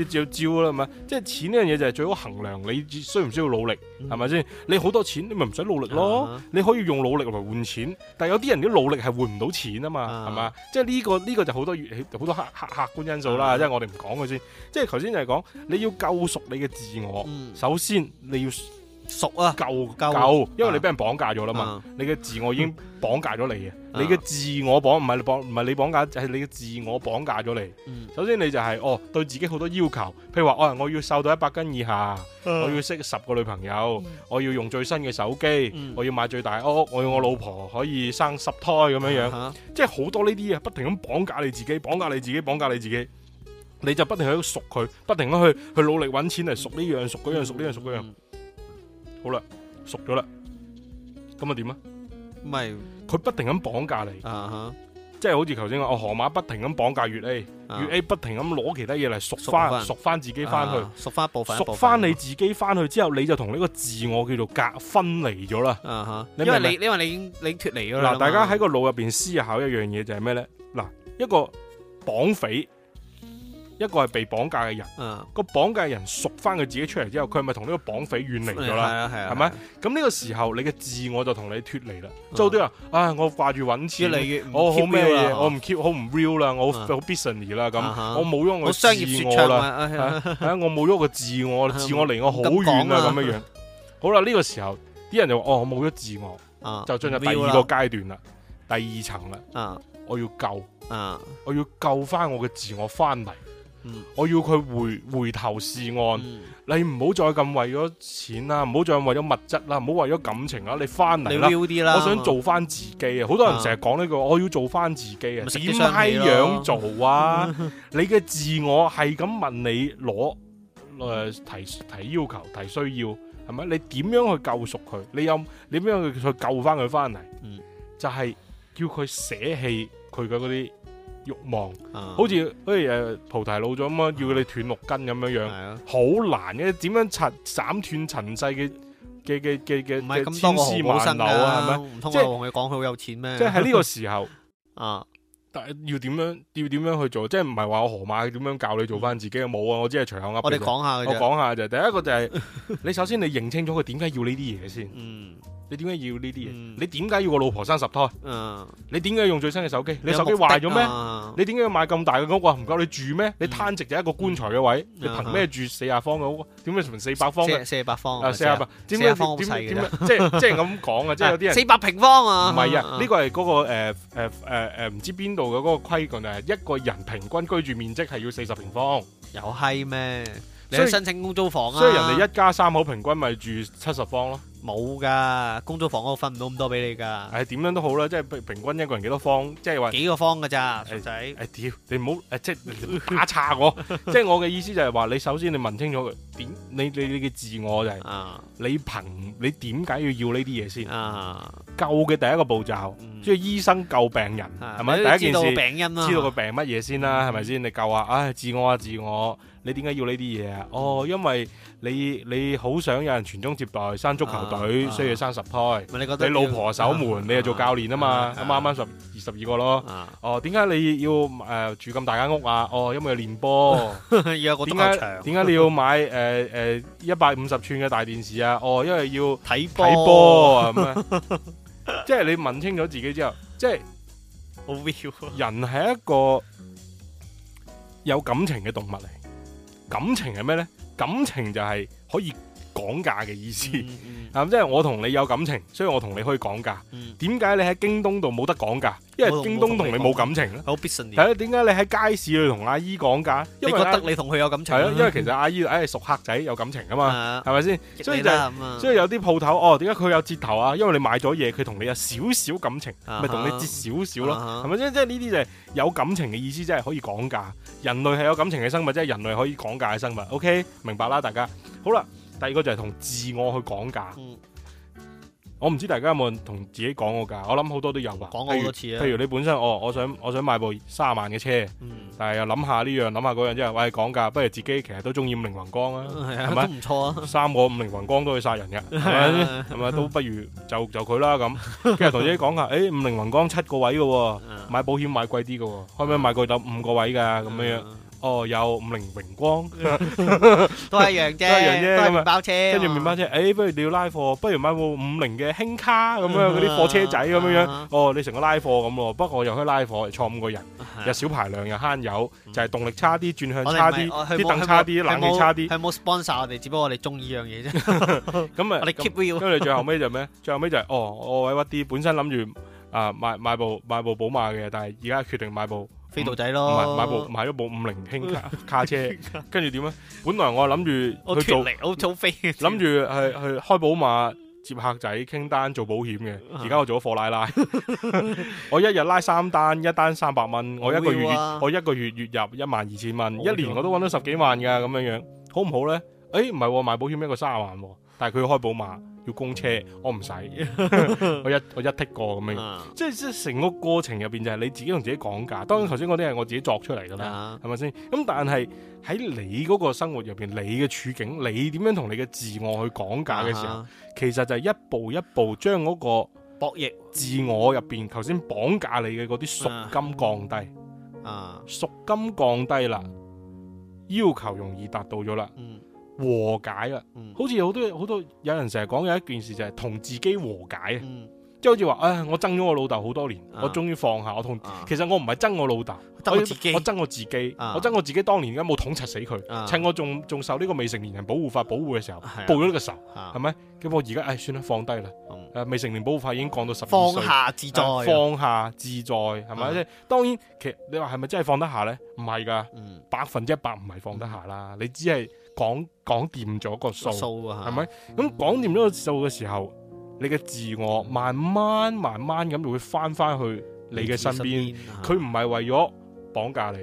照照啦，係咪招？即係錢呢樣嘢就係最好衡量你需唔需要努力，係咪先？你好多錢，你咪唔使努力咯。Uh huh. 你可以用努力嚟換錢，但係有啲人啲努力係換唔到錢啊嘛，係嘛、uh huh.？即係呢個呢個就好多好多客客客觀因素啦，uh huh. 即係我哋唔講嘅先。即係頭先就係講你要救贖你嘅自我，uh huh. 首先你要。熟啊，夠夠，因為你俾人綁架咗啦嘛，你嘅自我已經綁架咗你啊。你嘅自我綁唔係綁唔係你綁架，就係你嘅自我綁架咗你。首先你就係哦，對自己好多要求，譬如話哦，我要瘦到一百斤以下，我要識十個女朋友，我要用最新嘅手機，我要買最大屋，我要我老婆可以生十胎咁樣樣，即係好多呢啲啊，不停咁綁架你自己，綁架你自己，綁架你自己，你就不停喺度贖佢，不停咁去去努力揾錢嚟贖呢樣贖嗰樣贖呢樣贖嗰樣。好啦，熟咗啦，咁啊點啊？唔係佢不停咁綁架你，uh huh. 即係好似頭先講，我河馬不停咁綁架越 A，越、uh huh. A 不停咁攞其他嘢嚟贖翻贖翻自己翻去，贖翻、uh huh. 部分贖翻你自己翻去之後，你就同呢個自我叫做隔分離咗啦。因為你因為你已經你脫離咗啦。嗱，大家喺個腦入邊思考一樣嘢就係咩咧？嗱，一個綁匪。一個係被綁架嘅人，個綁架嘅人贖翻佢自己出嚟之後，佢咪同呢個綁匪遠離咗啦？係咪？咁呢個時候，你嘅自我就同你脫離啦。周啲話：唉，我掛住揾錢，我好咩嘢？我唔 keep 好唔 real 啦，我好 business 啦，咁我冇咗個商業說啦，我冇咗個自我，自我離我好遠啊，咁樣樣好啦。呢個時候，啲人就話：哦，我冇咗自我，就進入第二個階段啦，第二層啦。我要救，我要救翻我嘅自我翻嚟。嗯、我要佢回回頭是岸，嗯、你唔好再咁為咗錢啦、啊，唔好再為咗物質啦、啊，唔好為咗感情啊！你翻嚟啦，我想做翻自己啊！好是、啊、多人成日講呢句：「我要做翻自己啊！點樣做啊？ 你嘅自我係咁問你攞誒、呃，提提要求、提需要係咪？你點樣去救贖佢？你有你點樣去救翻佢翻嚟？嗯、就係叫佢捨棄佢嘅嗰啲。欲望，嗯、好似好似菩提老祖咁啊，要你斷六根咁樣樣，好、嗯、難嘅。點樣剷斬斷塵世嘅嘅嘅嘅嘅，千絲萬縷啊，係咪？唔通、啊、我同佢講佢好有錢咩？即係喺呢個時候啊。但要點樣？要點樣去做？即係唔係話我河馬點樣教你做翻自己？冇啊！我只係隨口噏。我哋講下，我講下就第一個就係你首先你認清楚，佢點解要呢啲嘢先。你點解要呢啲嘢？你點解要個老婆生十胎？你點解要用最新嘅手機？你手機壞咗咩？你點解要買咁大嘅屋？唔夠你住咩？你攤直就一個棺材嘅位，你憑咩住四廿方嘅屋？點解成四百方？四百方啊，四廿。四即係即係咁講啊！即係有啲人。四百平方啊！唔係啊，呢個係嗰個誒誒誒誒唔知邊。做嘅個規矩係一個人平均居住面積係要四十平方，又係咩？你想申請公租房啊，即係人哋一家三口平均咪住七十方咯。冇噶，公租房我分唔到咁多俾你噶。係點樣都好啦，即係平均一個人幾多方？即係話幾個方噶咋，肥仔？誒，屌！你唔好誒，即係打岔我。即係我嘅意思就係話，你首先你問清楚佢點，你你你嘅自我就係，你憑你點解要要呢啲嘢先？啊，救嘅第一個步驟，即係醫生救病人，係咪？第一件事知道病因啊，知道個病乜嘢先啦，係咪先？你救啊！唉，自我啊自我，你點解要呢啲嘢啊？哦，因為。你你好想有人傳宗接代生足球隊，啊啊、需要生十胎。你老婆守門，啊啊、你係做教練啊嘛？咁啱啱十二十二個咯。啊、哦，點解你要誒、呃、住咁大間屋啊？哦，因為練波。點解點解你要買誒誒一百五十寸嘅大電視啊？哦，因為要睇睇波啊。咁樣。即係 你問清楚自己之後，即、就、係、是、人係一個有感情嘅動物嚟，感情係咩咧？感情就係可以。講價嘅意思，咁即係我同你有感情，所以我同你可以講價。點解你喺京東度冇得講價？因為京東同你冇感情咯。係咯？點解你喺街市度同阿姨講價？因為你覺得你同佢有感情？因為其實阿姨唉熟客仔有感情噶嘛，係咪先？所以就所以有啲鋪頭哦，點解佢有折頭啊？因為你買咗嘢，佢同你有少少感情，咪同你折少少咯，係咪先？即係呢啲就係有感情嘅意思，即係可以講價。人類係有感情嘅生物，即係人類可以講價嘅生物。OK，明白啦，大家好啦。第二個就係同自我去講價，我唔知大家有冇同自己講過價。我諗好多都有啊。講過好多次。譬如你本身，哦，我想我想買部卅萬嘅車，但係又諗下呢樣，諗下嗰樣，即係喂講價。不如自己其實都中意五菱宏光啊，係咪都唔錯啊？三個五菱宏光都會殺人嘅，係咪？都不如就就佢啦咁。跟住同自己講下，誒五菱宏光七個位嘅，買保險買貴啲嘅，可唔可以買貴到五個位㗎？咁樣。哦，有五菱榮光，都係一樣啫，都係麵包車。跟住麵包車，誒，不如你要拉貨，不如買部五菱嘅輕卡咁樣，嗰啲貨車仔咁樣樣。哦，你成個拉貨咁咯，不過又可以拉貨，坐五個人，又小排量，又慳油，就係動力差啲，轉向差啲，啲凳差啲，冷氣差啲。係冇 sponsor 我哋，只不過我哋中意呢樣嘢啫。咁啊，你 keep view 要。跟住最後尾就咩？最後尾就係哦，我委屈啲，本身諗住啊買買部買部寶馬嘅，但係而家決定買部。飛度仔咯，買部買部買咗部五菱輕卡，卡車，跟住點咧？本來我係諗住去做，諗住去係開寶馬接客仔傾單做保險嘅，而家我做咗貨拉拉， 我一日拉三單，一單三百蚊，我一個月，月我一個月月入一萬二千蚊，險一年我都搵到十幾萬噶，咁樣樣好唔好咧？誒，唔係賣保險一個卅萬，哦，但係佢要開寶馬，要供車，我唔使， 我一我一剔過咁樣，啊、即係即係成個過程入邊就係你自己同自己講價。當然頭先嗰啲係我自己作出嚟噶啦，係咪先？咁、嗯、但係喺你嗰個生活入邊，你嘅處境，你點樣同你嘅自我去講價嘅時候，啊、其實就係一步一步將嗰個博弈自我入邊，頭先綁架你嘅嗰啲贖金降低，啊贖、啊、金降低啦，要求容易達到咗啦。嗯和解啦，好似好多好多有人成日講有一件事就係同自己和解，啊。即係好似話，唉，我憎咗我老豆好多年，我終於放下。我同其實我唔係憎我老豆，我憎我自己，我憎我自己當年而家冇捅察死佢，趁我仲仲受呢個未成年人保護法保護嘅時候，報咗呢個仇，係咪？咁我而家唉，算啦，放低啦。未成年保護法已經降到十二，放下自在，放下自在係咪？即係當然，其實你話係咪真係放得下咧？唔係噶，百分之一百唔係放得下啦。你只係。講講掂咗個數，係咪？咁講掂咗個數嘅時候，你嘅自我慢慢慢慢咁就會翻翻去你嘅身邊。佢唔係為咗綁架你，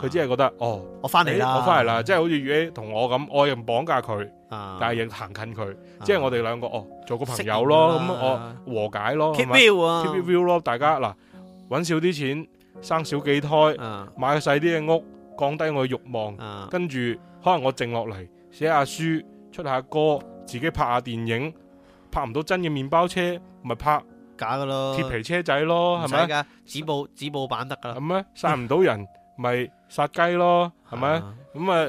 佢只係覺得哦，我翻嚟啦，我翻嚟啦，即係好似同我咁，我又唔綁架佢，但係又行近佢，即係我哋兩個哦，做個朋友咯，咁我和解咯，keep 啊，keep 咯，大家嗱，搵少啲錢，生少幾胎，買個細啲嘅屋，降低我嘅慾望，跟住。可能我靜落嚟寫下書、出下歌、自己拍下電影，拍唔到真嘅麵包車，咪拍假嘅咯，鐵皮車仔咯，係咪？唔使噶，紙簿紙簿版得噶啦。咁咧，殺唔到人，咪。 殺雞咯，係咪？咁啊，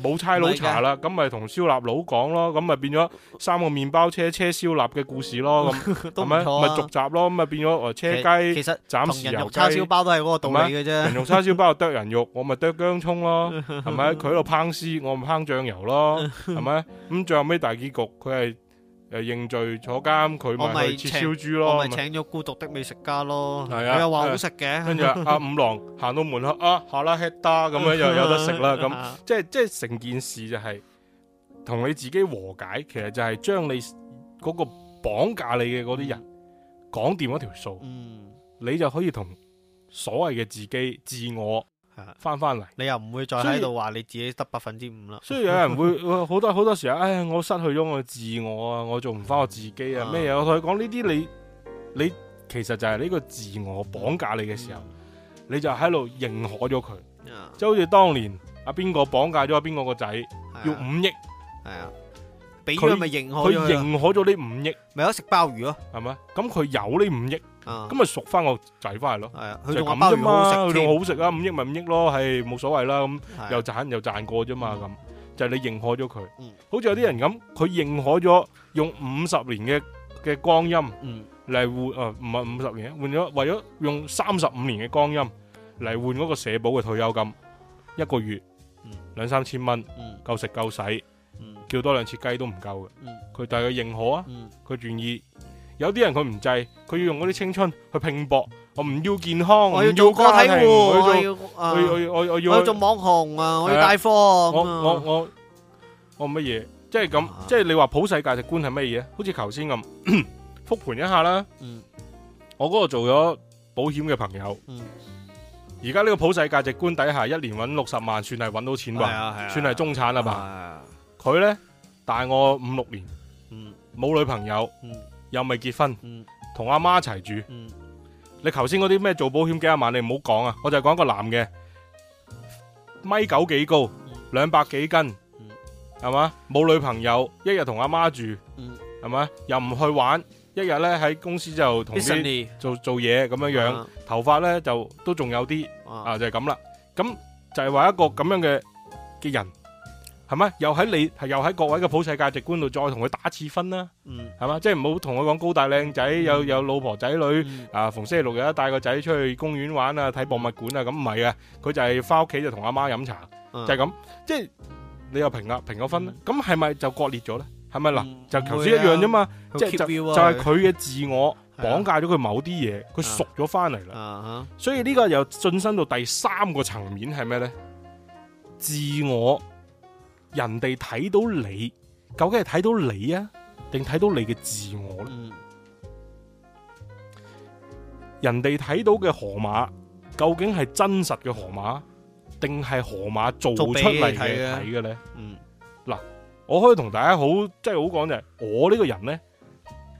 冇差佬查啦，咁咪同燒臘佬講咯，咁咪變咗三個麵包車車燒臘嘅故事咯，咁係咪？續、 啊、集咯，咁咪變咗啊車雞，其實同人肉叉燒包都係個道理嘅啫吧，已人肉叉燒包剁人肉， 我咪剁姜葱咯，係咪？ 佢喺度烹絲，我唔烹醬油咯，係咪？ 咁最後尾大結局，佢係。又認罪坐監，佢咪咪燒豬咯？我咪請咗孤獨的美食家咯，佢、啊、又話好食嘅。跟住阿五郎行到門口，啊，下啦吃打咁樣又有得食啦。咁即係即係成件事就係、是、同你自己和解，其實就係將你嗰個綁架你嘅嗰啲人講掂嗰條數，你就可以同所謂嘅自己自我翻翻嚟，你又唔會再喺度話你自己得百分之五啦。所以有人會好多好多時候，唉，我失去咗我自我啊，我做唔翻我自己啊，咩嘢？我同你講呢啲，你你其實就係呢個自我綁架你嘅時候，你就喺度認可咗佢。即係好似當年阿邊個綁架咗阿邊個個仔，要五億，係啊，俾佢咪認可，佢認可咗呢五億，咪有食鮑魚咯，係咪？咁佢有呢五億。咁咪、嗯、熟翻個仔翻嚟咯，就咁啫嘛，佢仲好，好食啊，五億咪五億咯，係、哎、冇所謂啦，咁、嗯啊、又賺又賺過啫嘛，咁、嗯、就係、你認可咗佢，好似有啲人咁，佢認可咗用五十年嘅嘅光陰嚟換，唔係五十年，換咗為咗用三十五年嘅光陰嚟換嗰個社保嘅退休金，一個月兩、嗯、三千蚊，夠食夠使，夠夠嗯、叫多兩次雞都唔夠嘅，佢但係佢認可啊，佢願意。有啲人佢唔制，佢要用嗰啲青春去拼搏。我唔要健康，我要做個體戶，我要、啊、我要我要我，要我要做網紅啊，了我要帶貨我我我我乜嘢？即係咁，即係你話普世價值觀係乜嘢？好似頭先咁復盤一下啦。嗯、我嗰個做咗保險嘅朋友，而家呢個普世價值觀底下，一年搵六十萬，算係搵到錢吧？啊啊、算係中產啦吧？佢咧、啊啊、大我五六年，冇女朋友，又未結婚，同阿媽一齊住。你頭先嗰啲咩做保險幾十萬，你唔好講啊！我就係講一個男嘅，米九幾高，兩百幾斤，係嘛？冇女朋友，一日同阿媽住，係嘛？又唔去玩，一日咧喺公司就同啲做做嘢咁樣樣，頭髮咧就都仲有啲啊，就係咁啦。咁就係話一個咁樣嘅嘅人。係咪又喺你？又喺各位嘅普世價值觀度再同佢打次分啦？係嘛，即係唔好同佢講高大靚仔，有有老婆仔女啊，逢星期六日帶個仔出去公園玩啊，睇博物館啊，咁唔係嘅，佢就係翻屋企就同阿媽飲茶，就係咁。即係你又平啊，評咗分，咁係咪就割裂咗咧？係咪嗱？就頭先一樣啫嘛，即就就係佢嘅自我綁架咗佢某啲嘢，佢熟咗翻嚟啦。所以呢個又晉身到第三個層面係咩咧？自我。人哋睇到你，究竟係睇到你啊，定睇到你嘅自我咧？嗯、人哋睇到嘅河馬，究竟係真實嘅河馬，定係河馬做出嚟嘅睇嘅咧？嗯，嗱，我可以同大家好，即係好講就係、是，我呢個人咧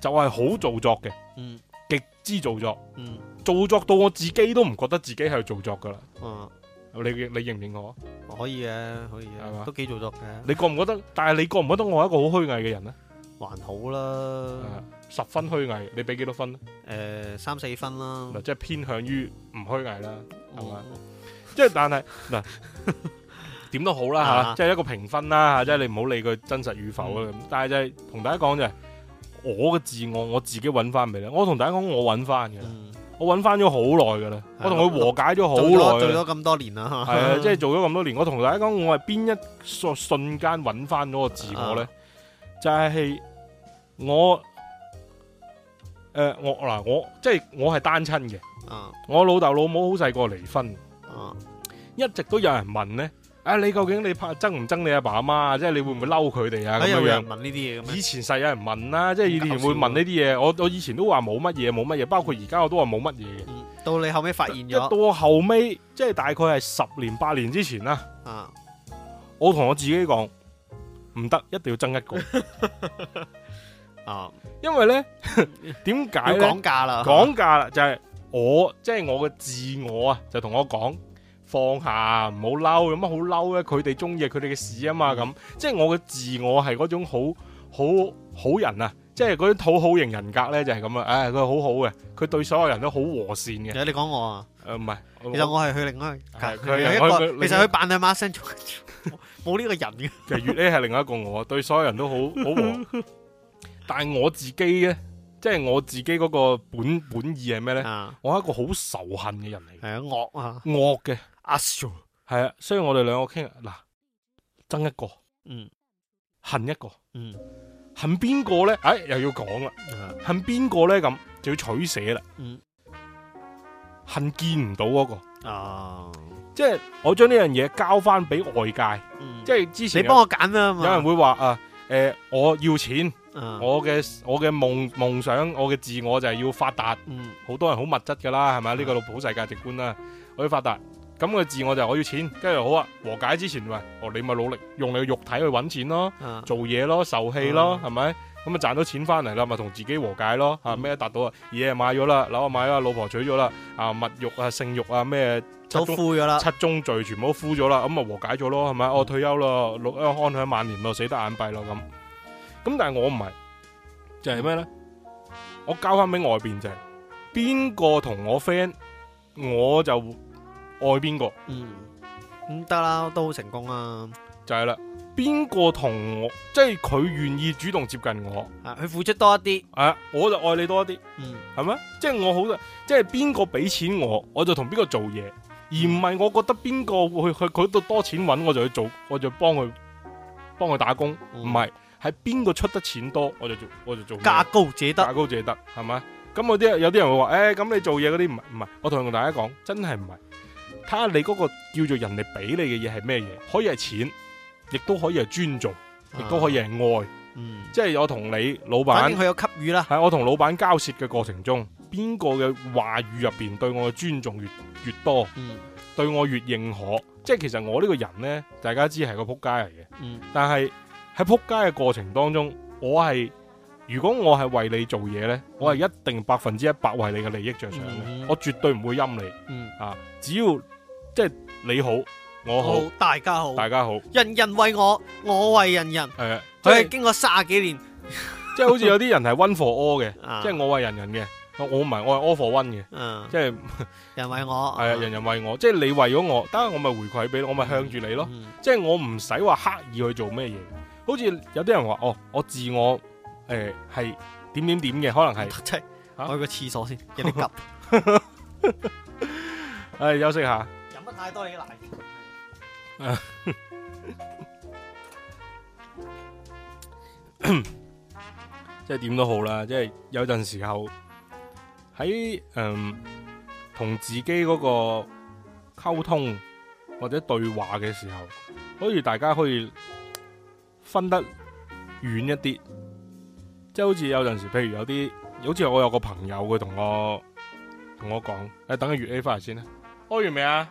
就係、是、好做作嘅，嗯，極之做作，嗯，做作到我自己都唔覺得自己係做作噶啦，嗯。你你認唔認我？可以嘅，可以嘅，吧都幾做作嘅。你覺唔覺得？但係你覺唔覺得我係一個好虛偽嘅人咧？還好啦，十分虛偽，你俾幾多分？誒、呃，三四分啦。嗱，即、就、係、是、偏向於唔虛偽啦，係嘛？即係、嗯就是、但係嗱，點都好啦吓，即係、 啊就是、一個評分啦吓，即、就、係、是、你唔好理佢真實與否啊咁。嗯、但係就係、是、同大家講就係，我嘅自我我自己搵翻未？你。我同大家講，我搵翻嘅。嗯我揾翻咗好耐㗎啦，的我同佢和解咗好耐，做咗咁多年啦，係啊的，即係 做咗咁多年，我同大家講、啊呃，我係邊一瞬瞬間揾翻嗰個自我咧？就係、是、我誒，我嗱、啊，我即係我係單親嘅，我老豆老母好細個離婚，啊、一直都有人問咧。啊！你究竟你怕憎唔憎你阿爸阿媽？即係你會唔會嬲佢哋啊？咁樣以前實有人問啦，即係以前會問呢啲嘢。我我以前都話冇乜嘢，冇乜嘢，包括而家我都話冇乜嘢。到你後尾發現咗，到後尾，即係大概係十年八年之前啦。啊！我同我自己講唔得，一定要爭一個 啊！因為咧，點解講價啦？講價啦，就係我即係我嘅自我啊，就同我講。放下，唔好嬲，有乜好嬲咧？佢哋中意佢哋嘅事啊嘛，咁即係我嘅自我係嗰種好好好人啊，即係嗰種討好型人格咧，就係咁啊！唉，佢好好嘅，佢對所有人都好和善嘅。你講我啊？誒，唔係，其實我係去另外，佢係一個，其實佢扮阿媽聲做，冇呢個人嘅。其實月呢係另外一個我，對所有人都好好和，但係我自己咧，即係我自己嗰個本本意係咩咧？我係一個好仇恨嘅人嚟，係啊，惡啊，惡嘅。係啊，所以我哋兩個傾嗱，爭一個，嗯，恨一個，嗯，恨邊個咧？哎，又要講啦，嗯、恨邊個咧？咁就要取捨啦，嗯，恨見唔到嗰個，哦、啊，即係我將呢樣嘢交翻俾外界，嗯、即係之前你幫我揀吖嘛？有人會話啊，誒、呃，我要錢，嗯、我嘅我嘅夢夢想，我嘅自我就係要發達，嗯，好多人好物質噶啦，係咪？呢個老普世價值觀啦，我要發達。咁個自我就係我要錢，跟住好啊，和解之前喂，哦你咪努力用你個肉體去搵錢咯，做嘢咯，受氣咯，係咪，嗯？咁啊賺到錢翻嚟啦，咪同自己和解咯，啊咩達到啊，嘢買咗啦，樓買啦，老婆娶咗啦，啊物慾啊性慾啊咩七宗都啦七宗罪全部都呼咗啦，咁啊和解咗咯，係咪？我，嗯哦，退休啦，六安享晚年咯，死得眼閉咯咁。咁，嗯，但係我唔係，就係咩咧？我交翻俾外邊就邊個同我 friend，我就。愛邊個、嗯？嗯，咁得啦，都好成功啊！就係啦，邊個同我？即係佢願意主動接近我，佢、啊、付出多一啲，係、啊、我就愛你多一啲，嗯，係咪？即係我好即係邊個俾錢我，我就同邊個做嘢，而唔係我覺得邊個會去佢度多錢揾我就去做，我就幫佢幫佢打工，唔係係邊個出得錢多我就做，我就做價高者得，價高者得，係咪？咁啲有啲人會話，誒、欸，咁你做嘢嗰啲唔係唔係？我同同大家講，真係唔係。睇下你嗰個叫做人哋俾你嘅嘢係咩嘢，可以係錢，亦都可以係尊重，亦都、啊、可以係愛。嗯、即係我同你老闆，佢有給予啦。喺我同老闆交涉嘅過程中，邊個嘅話語入邊對我嘅尊重越越多，嗯、對我越認可。即係其實我呢個人呢，大家知係個撲街嚟嘅。嗯、但係喺撲街嘅過程當中，我係如果我係為你做嘢呢，嗯、我係一定百分之一百為你嘅利益着想、嗯、我絕對唔會陰你。啊，只要即係你好，我好，大家好，大家好，人人為我，我為人人。誒，喺經過卅幾年，即係好似有啲人係 one for all 嘅，即係我為人人嘅，我唔係我係 all for one 嘅，即係人為我係啊，人人為我，即係你為咗我，得我咪回饋俾我咪向住你咯，即係我唔使話刻意去做咩嘢，好似有啲人話哦，我自我誒係點點點嘅，可能係，我去個廁所先，有啲急，誒休息下。太多嘢嚟， 即係點都好啦。即係有陣時候喺嗯、呃、同自己嗰個溝通或者對話嘅時候，好似大家可以分得遠一啲，即係好似有陣時，譬如有啲，好似我有個朋友佢同我同我講：誒、欸，等佢月 A 翻嚟先啦。開完未啊？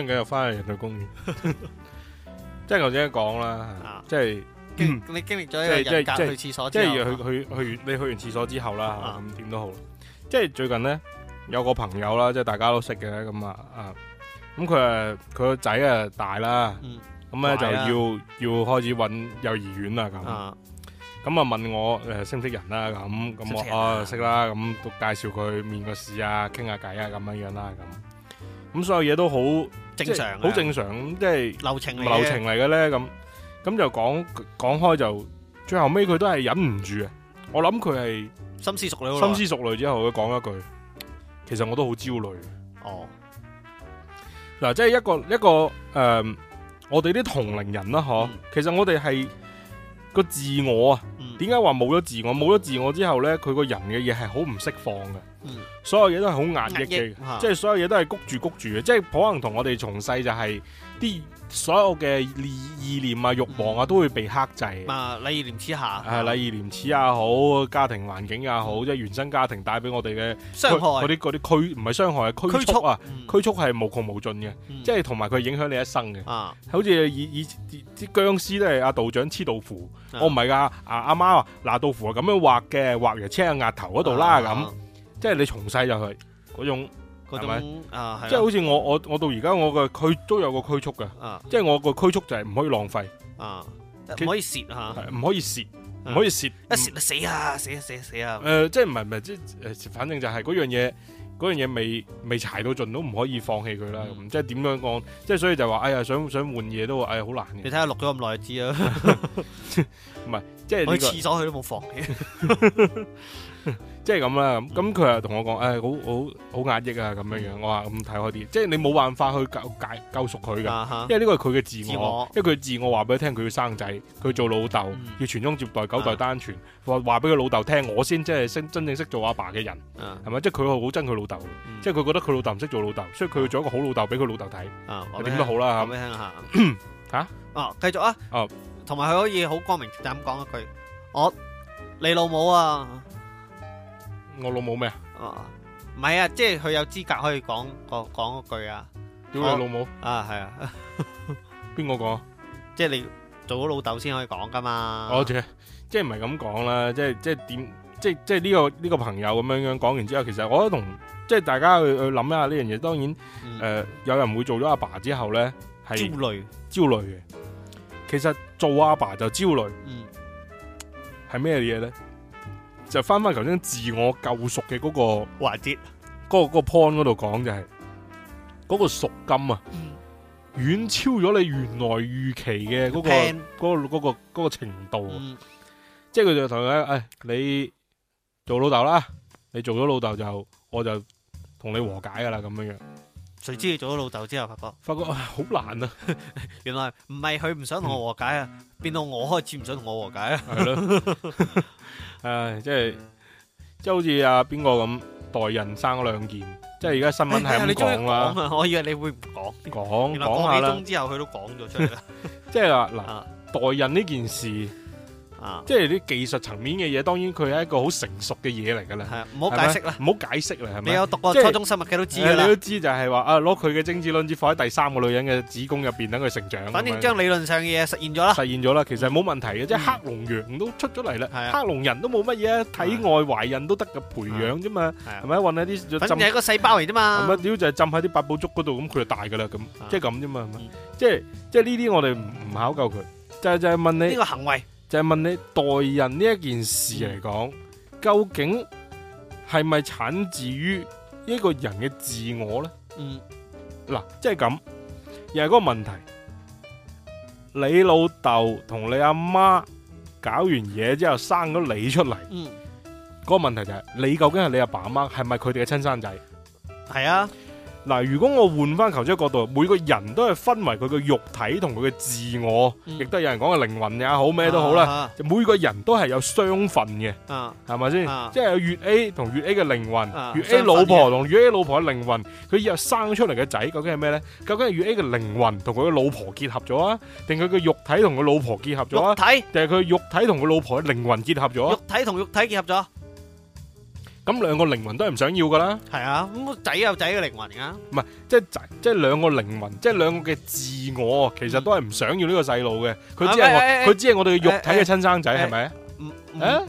咁樣又翻去人類公園，即係頭先講啦，即係你經歷咗一個人格去廁所即後，去去完你去完廁所之後啦，咁點都好。即係最近咧有個朋友啦，即係大家都識嘅咁啊啊，咁佢啊佢個仔啊大啦，咁咧就要要開始揾幼兒園啦咁，咁啊問我誒識唔識人啦咁，咁我啊識啦，咁都介紹佢面個試啊，傾下偈啊，咁樣樣啦咁。咁所有嘢都好正，正常，好正常即係流程嚟，流程嚟嘅咧。咁咁就講講開，就最後尾佢都係忍唔住啊！我諗佢係深思熟慮，深思熟慮之後佢講一句，其實我都好焦慮。哦，嗱，即係一個一個誒、呃，我哋啲同齡人啦，嗬。嗯、其實我哋係個自我啊，點解話冇咗自我？冇咗，嗯、自、自我之後咧，佢個人嘅嘢係好唔釋放嘅。所有嘢都係好壓抑嘅，即係所有嘢都係谷住谷住嘅，即係可能同我哋從細就係啲所有嘅意念啊、欲望啊都會被克制。啊，禮義廉恥下，係禮義廉恥也好，家庭環境也好，即係原生家庭帶俾我哋嘅傷害，嗰啲嗰啲驅唔係傷害，係驅促啊，驅促係無窮無盡嘅，即係同埋佢影響你一生嘅。好似以以啲僵屍都係阿道長黐道符，我唔係噶，阿阿媽話嗱道符係咁樣畫嘅，畫完黐喺額頭嗰度啦咁。即係你從細就去嗰種，嗰種啊，即係好似我我我到而家我個驅都有個驅促噶，即係我個驅促就係唔可以浪費，唔可以蝕啊，唔可以蝕，唔可以蝕，一蝕啊死啊死啊死啊死啊！誒，即係唔係唔係，即係誒，反正就係嗰樣嘢，嗰樣嘢未未柴到盡都唔可以放棄佢啦。即係點樣講，即係所以就話，哎呀，想想換嘢都話，哎呀，好難嘅。你睇下錄咗咁耐就知啦。唔係，即係去廁所佢都冇放棄。即係咁啦，咁佢又同我講，誒，好好好壓抑啊，咁樣樣。我話咁睇開啲，即係你冇辦法去救解救贖佢嘅，因為呢個係佢嘅自我，因為佢自我話俾佢聽，佢要生仔，佢做老豆，要傳宗接代，九代單傳。話話俾佢老豆聽，我先即係識真正識做阿爸嘅人，係咪？即係佢好憎佢老豆，即係佢覺得佢老豆唔識做老豆，所以佢要做一個好老豆俾佢老豆睇，點都好啦吓。吓哦，繼續啊，同埋佢可以好光明正大咁講一句，我你老母啊！我老母咩啊？唔係、哦、啊，即係佢有資格可以講講講嗰句啊。屌你說老母啊，係啊。邊個講？即係你做咗老豆先可以講噶嘛？我知，即係唔係咁講啦。即係即係點？即係即係呢、這個呢、這個朋友咁樣樣講完之後，其實我覺得同即係大家去去諗一下呢樣嘢。當然誒、嗯呃，有人會做咗阿爸，爸之後咧，係焦慮焦慮嘅。其實做阿爸，爸就焦慮。嗯，係咩嘢咧？就翻翻頭先自我救贖嘅嗰個環節，嗰個節個 point 嗰度，講就係、是、嗰、那個贖金啊，遠、嗯、超咗你原來預期嘅嗰、那個片、那個、那個、那個程度，嗯、即係佢就同佢講，誒、哎，你做老豆啦，你做咗老豆就我就同你和解噶啦，咁樣樣。誰知你做咗老豆之後爸爸發覺發覺好難啊！ 原來唔係佢唔想同我和解啊，嗯、變到我開始唔想同我和解啊。 唉，即係、嗯、即係好似阿邊個咁代孕生咗兩件，即係而家新聞係咁講啦。我以為你會唔講，講講下啦。之後佢了都講咗出嚟啦。 即係話嗱， 代孕呢件事。即係啲技術層面嘅嘢，當然佢係一個好成熟嘅嘢嚟噶啦。係唔好解釋啦，唔好解釋啦，係咪？你有讀過初中生物嘅都知噶啦。你都知就係話啊，攞佢嘅精子卵子放喺第三個女人嘅子宮入邊，等佢成長。反正將理論上嘅嘢實現咗啦。實現咗啦，其實冇問題嘅，即係克隆羊都出咗嚟啦，克隆人都冇乜嘢，體外懷孕都得嘅培養啫嘛，係咪？混喺啲，反正係一個細胞嚟啫嘛。咁啊，主要就係浸喺啲八寶粥嗰度，咁佢就大噶啦，咁即係咁啫嘛，係咪？即係即係呢啲我哋唔唔考究佢，就就係問你呢個行為。就係問你待人呢一件事嚟講，嗯、究竟係咪產自於一個人嘅自我咧？嗯，嗱、啊，即係咁，又係嗰個問題。你老豆同你阿媽搞完嘢之後生咗你出嚟，嗰、嗯、個問題就係、是、你究竟係你阿爸阿媽係咪佢哋嘅親生仔？係、嗯、啊。嗱，如果我換翻求職角度，每個人都係分為佢嘅肉體同佢嘅自我，亦、嗯、都有人講嘅靈魂也、啊、好，咩都好啦。啊、每個人都係有雙份嘅，係咪先？吧啊、即係月 A 同月 A 嘅靈魂，啊、月 A 老婆同月 A 老婆嘅靈魂，佢以後、啊、生出嚟嘅仔，究竟係咩呢？究竟係月 A 嘅靈魂同佢嘅老婆結合咗啊？定佢嘅肉體同佢老婆結合咗啊？定係佢肉體同佢老婆嘅靈魂結合咗，肉體同肉體結合咗。咁兩個靈魂都係唔想要噶啦。係啊，咁仔有仔嘅靈魂啊，唔係即係仔即係兩個靈魂，即係兩個嘅自我，其實都係唔想要呢個細路嘅，佢只係佢、欸、只係我哋嘅肉體嘅親生仔，係咪、欸？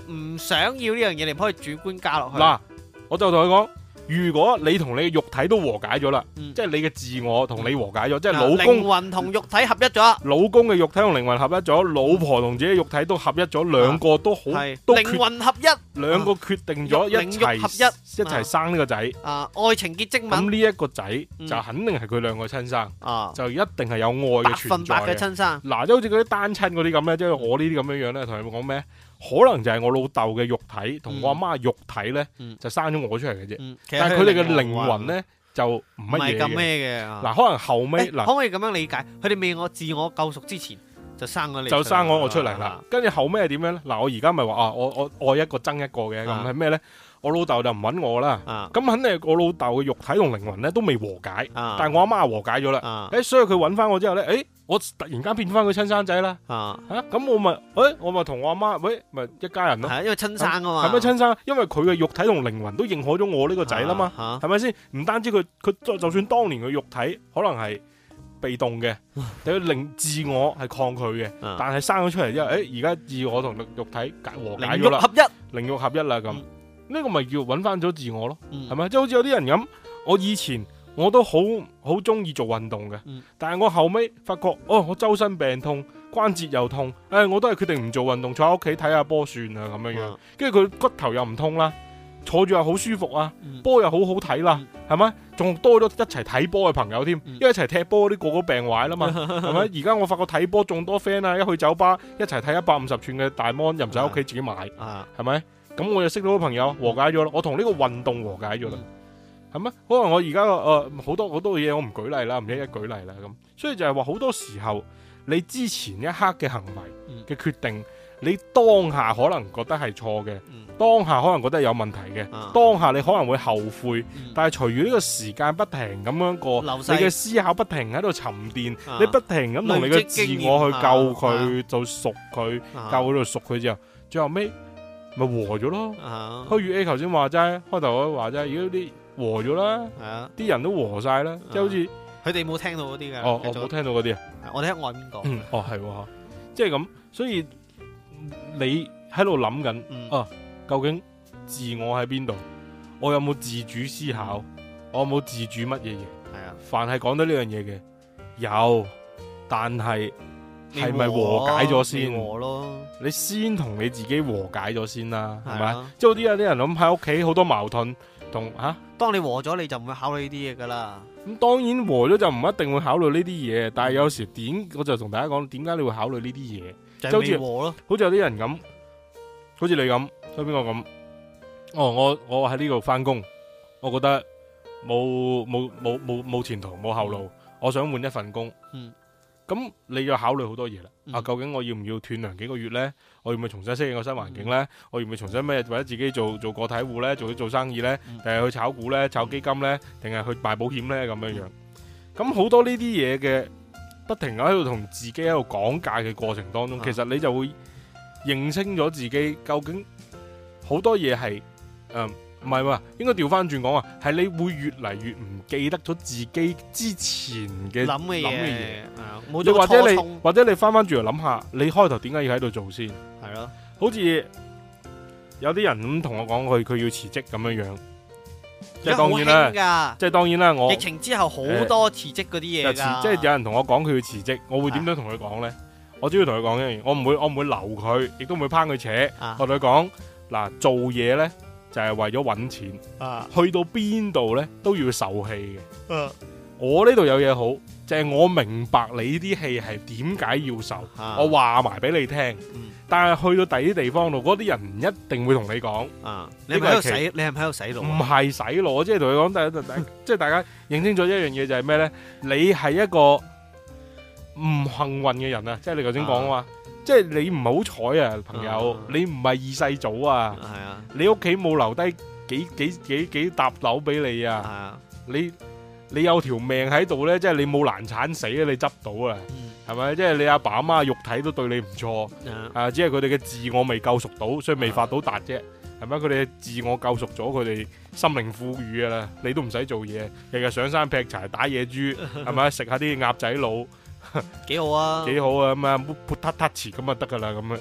唔唔唔想要呢樣嘢，你唔可以主觀加落去。嗱，我就同佢講。如果你同你嘅肉體都和解咗啦，即係你嘅自我同你和解咗，即係老公同肉體合一咗，老公嘅肉體同靈魂合一咗，老婆同自己嘅肉體都合一咗，兩個都好都靈魂合一，兩個決定咗一齊合一，一齊生呢個仔。啊，愛情結晶。咁呢一個仔就肯定係佢兩個親生，就一定係有愛嘅存在嘅親生。嗱，即好似嗰啲單親嗰啲咁咧，即係我呢啲咁樣樣咧，同你講咩？可能就係我老豆嘅肉體同我阿媽嘅肉體咧，嗯、就生咗我出嚟嘅啫。嗯、但係佢哋嘅靈魂咧、嗯、就唔係咁咩嘅。嗱，啊、可能後尾，嗱、欸，可唔可以咁樣理解？佢哋未我自我救贖之前就生咗你，就生咗我出嚟啦。跟住、啊、後尾係點樣咧？嗱，我而家咪話啊，我我愛一個憎一個嘅咁係咩咧？啊我老豆就唔揾我啦，咁、啊、肯定我老豆嘅肉體同靈魂咧都未和解，啊、但係我阿媽和解咗啦。誒、啊欸，所以佢揾翻我之後咧，誒、欸，我突然間變翻佢親生仔啦。吓、啊，咁、啊、我咪，誒、欸，我咪同我阿媽，喂、欸，咪一家人咯。係因為親生噶嘛？係咩親生？因為佢嘅肉體同靈魂都認可咗我呢個仔啦嘛，係咪先？唔、啊、單止佢，佢就算當年嘅肉體可能係被動嘅，佢靈、啊、自我係抗拒嘅，啊、但係生咗出嚟之後，誒、欸，而家自我同肉肉體和解咗啦，靈肉合一，靈肉合一啦咁。呢個咪叫搵翻咗自我咯，係咪？即係好似有啲人咁，我以前我都好好中意做運動嘅，但係我後尾發覺，哦，我周身病痛，關節又痛，誒，我都係決定唔做運動，坐喺屋企睇下波算啦咁樣樣。跟住佢骨頭又唔痛啦，坐住又好舒服啊，波又好好睇啦，係咪？仲多咗一齊睇波嘅朋友添，因為一齊踢波嗰啲個個病壞啦嘛，係咪？而家我發覺睇波仲多 friend 啊，一去酒吧一齊睇一百五十寸嘅大 mon，又唔使喺屋企自己買，係咪？咁我就識到個朋友和解咗咯，我同呢個運動和解咗啦，係咩？可能我而家誒好多好多嘢，我唔舉例啦，唔一一舉例啦咁。所以就係話，好多時候你之前一刻嘅行為嘅決定，你當下可能覺得係錯嘅，當下可能覺得係有問題嘅，當下你可能會後悔，但係隨住呢個時間不停咁樣過，你嘅思考不停喺度沉澱，你不停咁同你嘅自我去救佢，就熟佢，救佢，度熟佢之後，最後尾。咪和咗咯。開月 A 頭先話齋，開頭我話齋，如果啲和咗啦，係啊，啲人都和晒啦，即係好似佢哋冇聽到嗰啲嘅。哦，我冇聽到嗰啲啊。我睇喺外邊講。嗯，哦係，即係咁，所以你喺度諗緊，啊，究竟自我喺邊度？我有冇自主思考？我有冇自主乜嘢嘢？係啊。凡係講到呢樣嘢嘅，有，但係。係咪和解咗先？和咯、啊，你，囉你先同你自己和解咗先啦、啊，係咪、啊？即係好似有啲人諗喺屋企好多矛盾同啊。當你和咗，你就唔會考慮呢啲嘢噶啦。咁當然和咗就唔一定會考慮呢啲嘢，但係有時點我就同大家講，點解你會考慮呢啲嘢？就，就好似和咯。好似有啲人咁，好似你咁，即係邊個咁？哦，我我喺呢度返工，我覺得冇冇冇冇冇前途冇後路，我想換一份工。咁你要考慮好多嘢啦，啊，究竟我要唔要斷糧幾個月呢？我要唔要重新適應個新環境呢？我要唔要重新咩或者自己做做個體戶呢？做啲做生意呢？定係去炒股呢？炒基金呢？定係去賣保險呢？咁樣樣，咁好多呢啲嘢嘅，不停喺度同自己喺度講價嘅過程當中，其實你就會認清咗自己究竟好多嘢係，嗯。唔係喎，應該調翻轉講啊，係你會越嚟越唔記得咗自己之前嘅諗嘅諗嘅嘢。或者你或者你翻翻轉嚟諗下，你開頭點解要喺度做先？係咯，好似有啲人咁同我講，佢佢要辭職咁樣樣。即係當然啦，即係當然啦。我疫情之後好多辭職嗰啲嘢。即係有人同我講佢要辭職，我會點樣同佢講咧？我只要同佢講一樣，我唔會我唔會留佢，亦都唔會抨佢扯。我同佢講嗱，做嘢咧。就係為咗搵錢，啊、去到邊度咧都要受氣嘅。啊、我呢度有嘢好，就係、是、我明白你啲氣係點解要受，啊、我話埋俾你聽。嗯、但係去到第啲地方度，嗰啲人唔一定會同你講、啊。你喺度洗，你係喺度洗腦、啊？唔係洗腦，即係同你講，但係即係大家認清楚一樣嘢就係咩咧？你係一個唔幸運嘅人、就是、啊！即係你頭先講啊嘛。即係你唔好彩啊，朋友，uh, 你唔係二世祖啊，uh, 你屋企冇留低幾幾幾幾沓樓俾你啊，uh, 你你有條命喺度咧，即係你冇難產死啊，你執到啊，係咪、uh,？即係你阿爸阿媽肉體都對你唔錯、uh, 啊，只係佢哋嘅自我未救贖到，所以未發到達啫，係咪、uh,？佢哋嘅自我救贖咗，佢哋心靈富裕啊啦，你都唔使做嘢，日日上山劈柴打野豬，係咪？食下啲鴨仔佬。幾好啊！幾好啊！咁啊，噗噗，touch touch 咁啊，得噶啦，咁啊，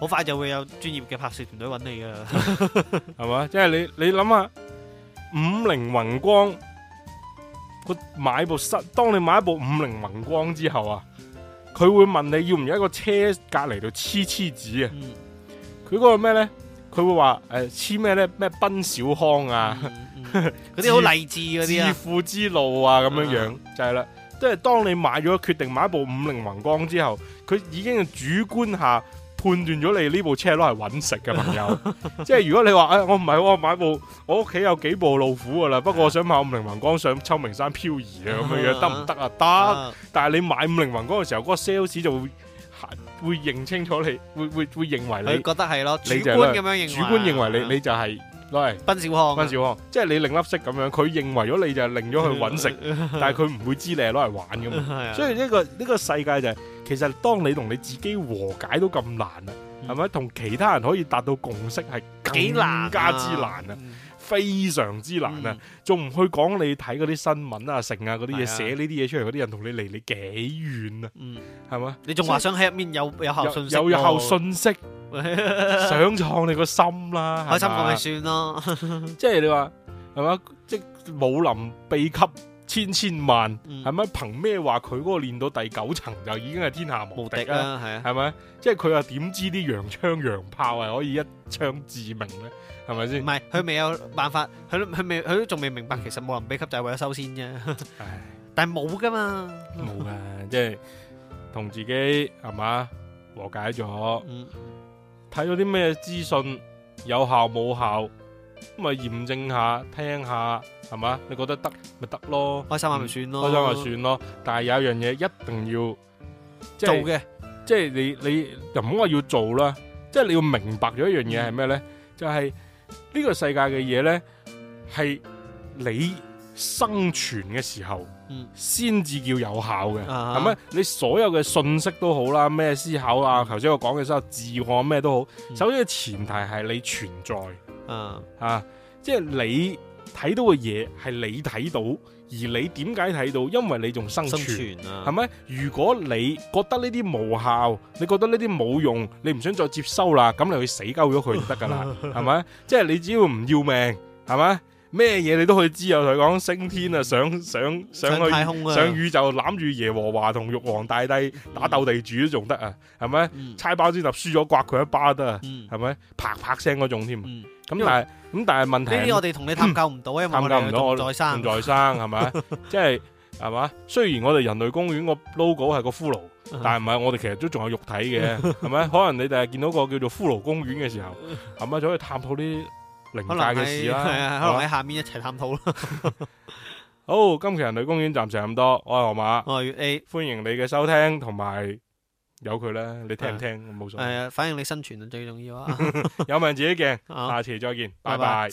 好快就會有專業嘅拍攝團隊揾你噶，係嘛？即係你你諗下，五菱宏光，佢買部塞，當你買一部五菱宏光之後啊，佢會問你要唔要一個車隔籬度黐黐紙啊？佢嗰個咩咧？佢會話誒黐咩咧？咩奔小康啊？嗰啲好勵志嗰啲啊，致富之路啊，咁樣樣就係啦。即係當你買咗決定買一部五菱宏光之後，佢已經主觀下判斷咗你呢部車攞嚟揾食嘅朋友。 即係如果你話，誒、哎、我唔係，我買部我屋企有幾部路虎㗎啦，不過我想買五菱宏光上秋名山漂移啊咁樣樣，得唔得啊？得。 但係你買五菱宏光嘅時候，嗰、那個 sales 就會會認清楚你，會會會認為你覺得係咯，你就是、主觀咁樣認主觀認為你 你就係、是。嚟，奔對小康，奔小康，即係你另粒色咁樣，佢認為咗你就係另咗去揾食， 但係佢唔會知你係攞嚟玩㗎嘛。 所以呢、呢個呢、呢個世界就係、是，其實當你同你自己和解都咁難啦，係咪、嗯？同其他人可以達到共識係幾難更加之難，難啊！非常之難啊！仲唔去講你睇嗰啲新聞啊、成啊嗰啲嘢，寫呢啲嘢出嚟嗰啲人，同你離你幾遠啊？你你遠啊嗯，係嘛吧？你仲話想喺入面有有效信息、啊？有有效信息想創、啊，想創你個心啦，開心咁咪算咯。即係你話係嘛？即、就是、武林秘笈千千萬，係咪憑咩話佢嗰個練到第九層就已經係天下無敵啦、啊？係係咪？即係佢又點知啲洋槍洋炮係可以一槍致命咧？係咪先？唔係，佢未有辦法，佢佢未，佢都仲未明白，其實武林秘笈就係為咗修仙啫。但係冇噶嘛，冇噶，即係同自己係嘛和解咗。睇到啲咩資訊有效冇效，咁啊驗證下，聽下係嘛？你覺得得咪得咯？開心咪咪算咯，開心咪算咯。但係有一樣嘢一定要做嘅，即係你你又唔好話要做啦。即係你要明白咗一樣嘢係咩咧？就係。呢個世界嘅嘢咧，係你生存嘅時候，嗯，先至叫有效嘅。係咩、uh huh.，你所有嘅信息都好啦，咩思考啊，頭先我講嘅時候，自我咩、啊、都好，首先前提係你存在，嗯、uh huh. 啊，即、就、係、是、你睇到嘅嘢係你睇到。而你點解睇到？因為你仲生存，係咪、啊？如果你覺得呢啲無效，你覺得呢啲冇用，你唔想再接收啦，咁你去死鳩咗佢就得噶啦，係咪？ 即係你只要唔要命，係咪？咩嘢你都可以知啊！我哋講升天啊，上上上，上去上，上宇宙攬住耶和華同玉皇大帝打鬥地主都仲得啊，係咪？嗯、猜包磚就輸咗刮佢一巴得啊，係咪？啪啪聲嗰種添。咁但係咁但係問題呢啲我哋同你探究唔到啊！嗯、我在探究唔到再生，再生係咪？即係係嘛？雖然我哋人類公園個 logo 係個骷髏， 但係唔係我哋其實都仲有肉體嘅，係咪？ 可能你哋係見到個叫做骷髏公園嘅時候，係咪？就可以探討啲。靈界嘅事啦、啊，可能喺、啊、下面一齊探討啦。好，吧 好，今期人類公園暫時咁多，我係河馬，我係粵 A，歡迎你嘅收聽同埋有佢啦，你聽唔聽冇所謂。係啊的，反正你生存最重要啊， 有問自己鏡，啊、下次再見，拜拜。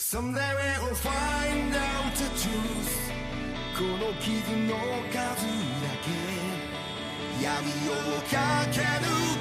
拜拜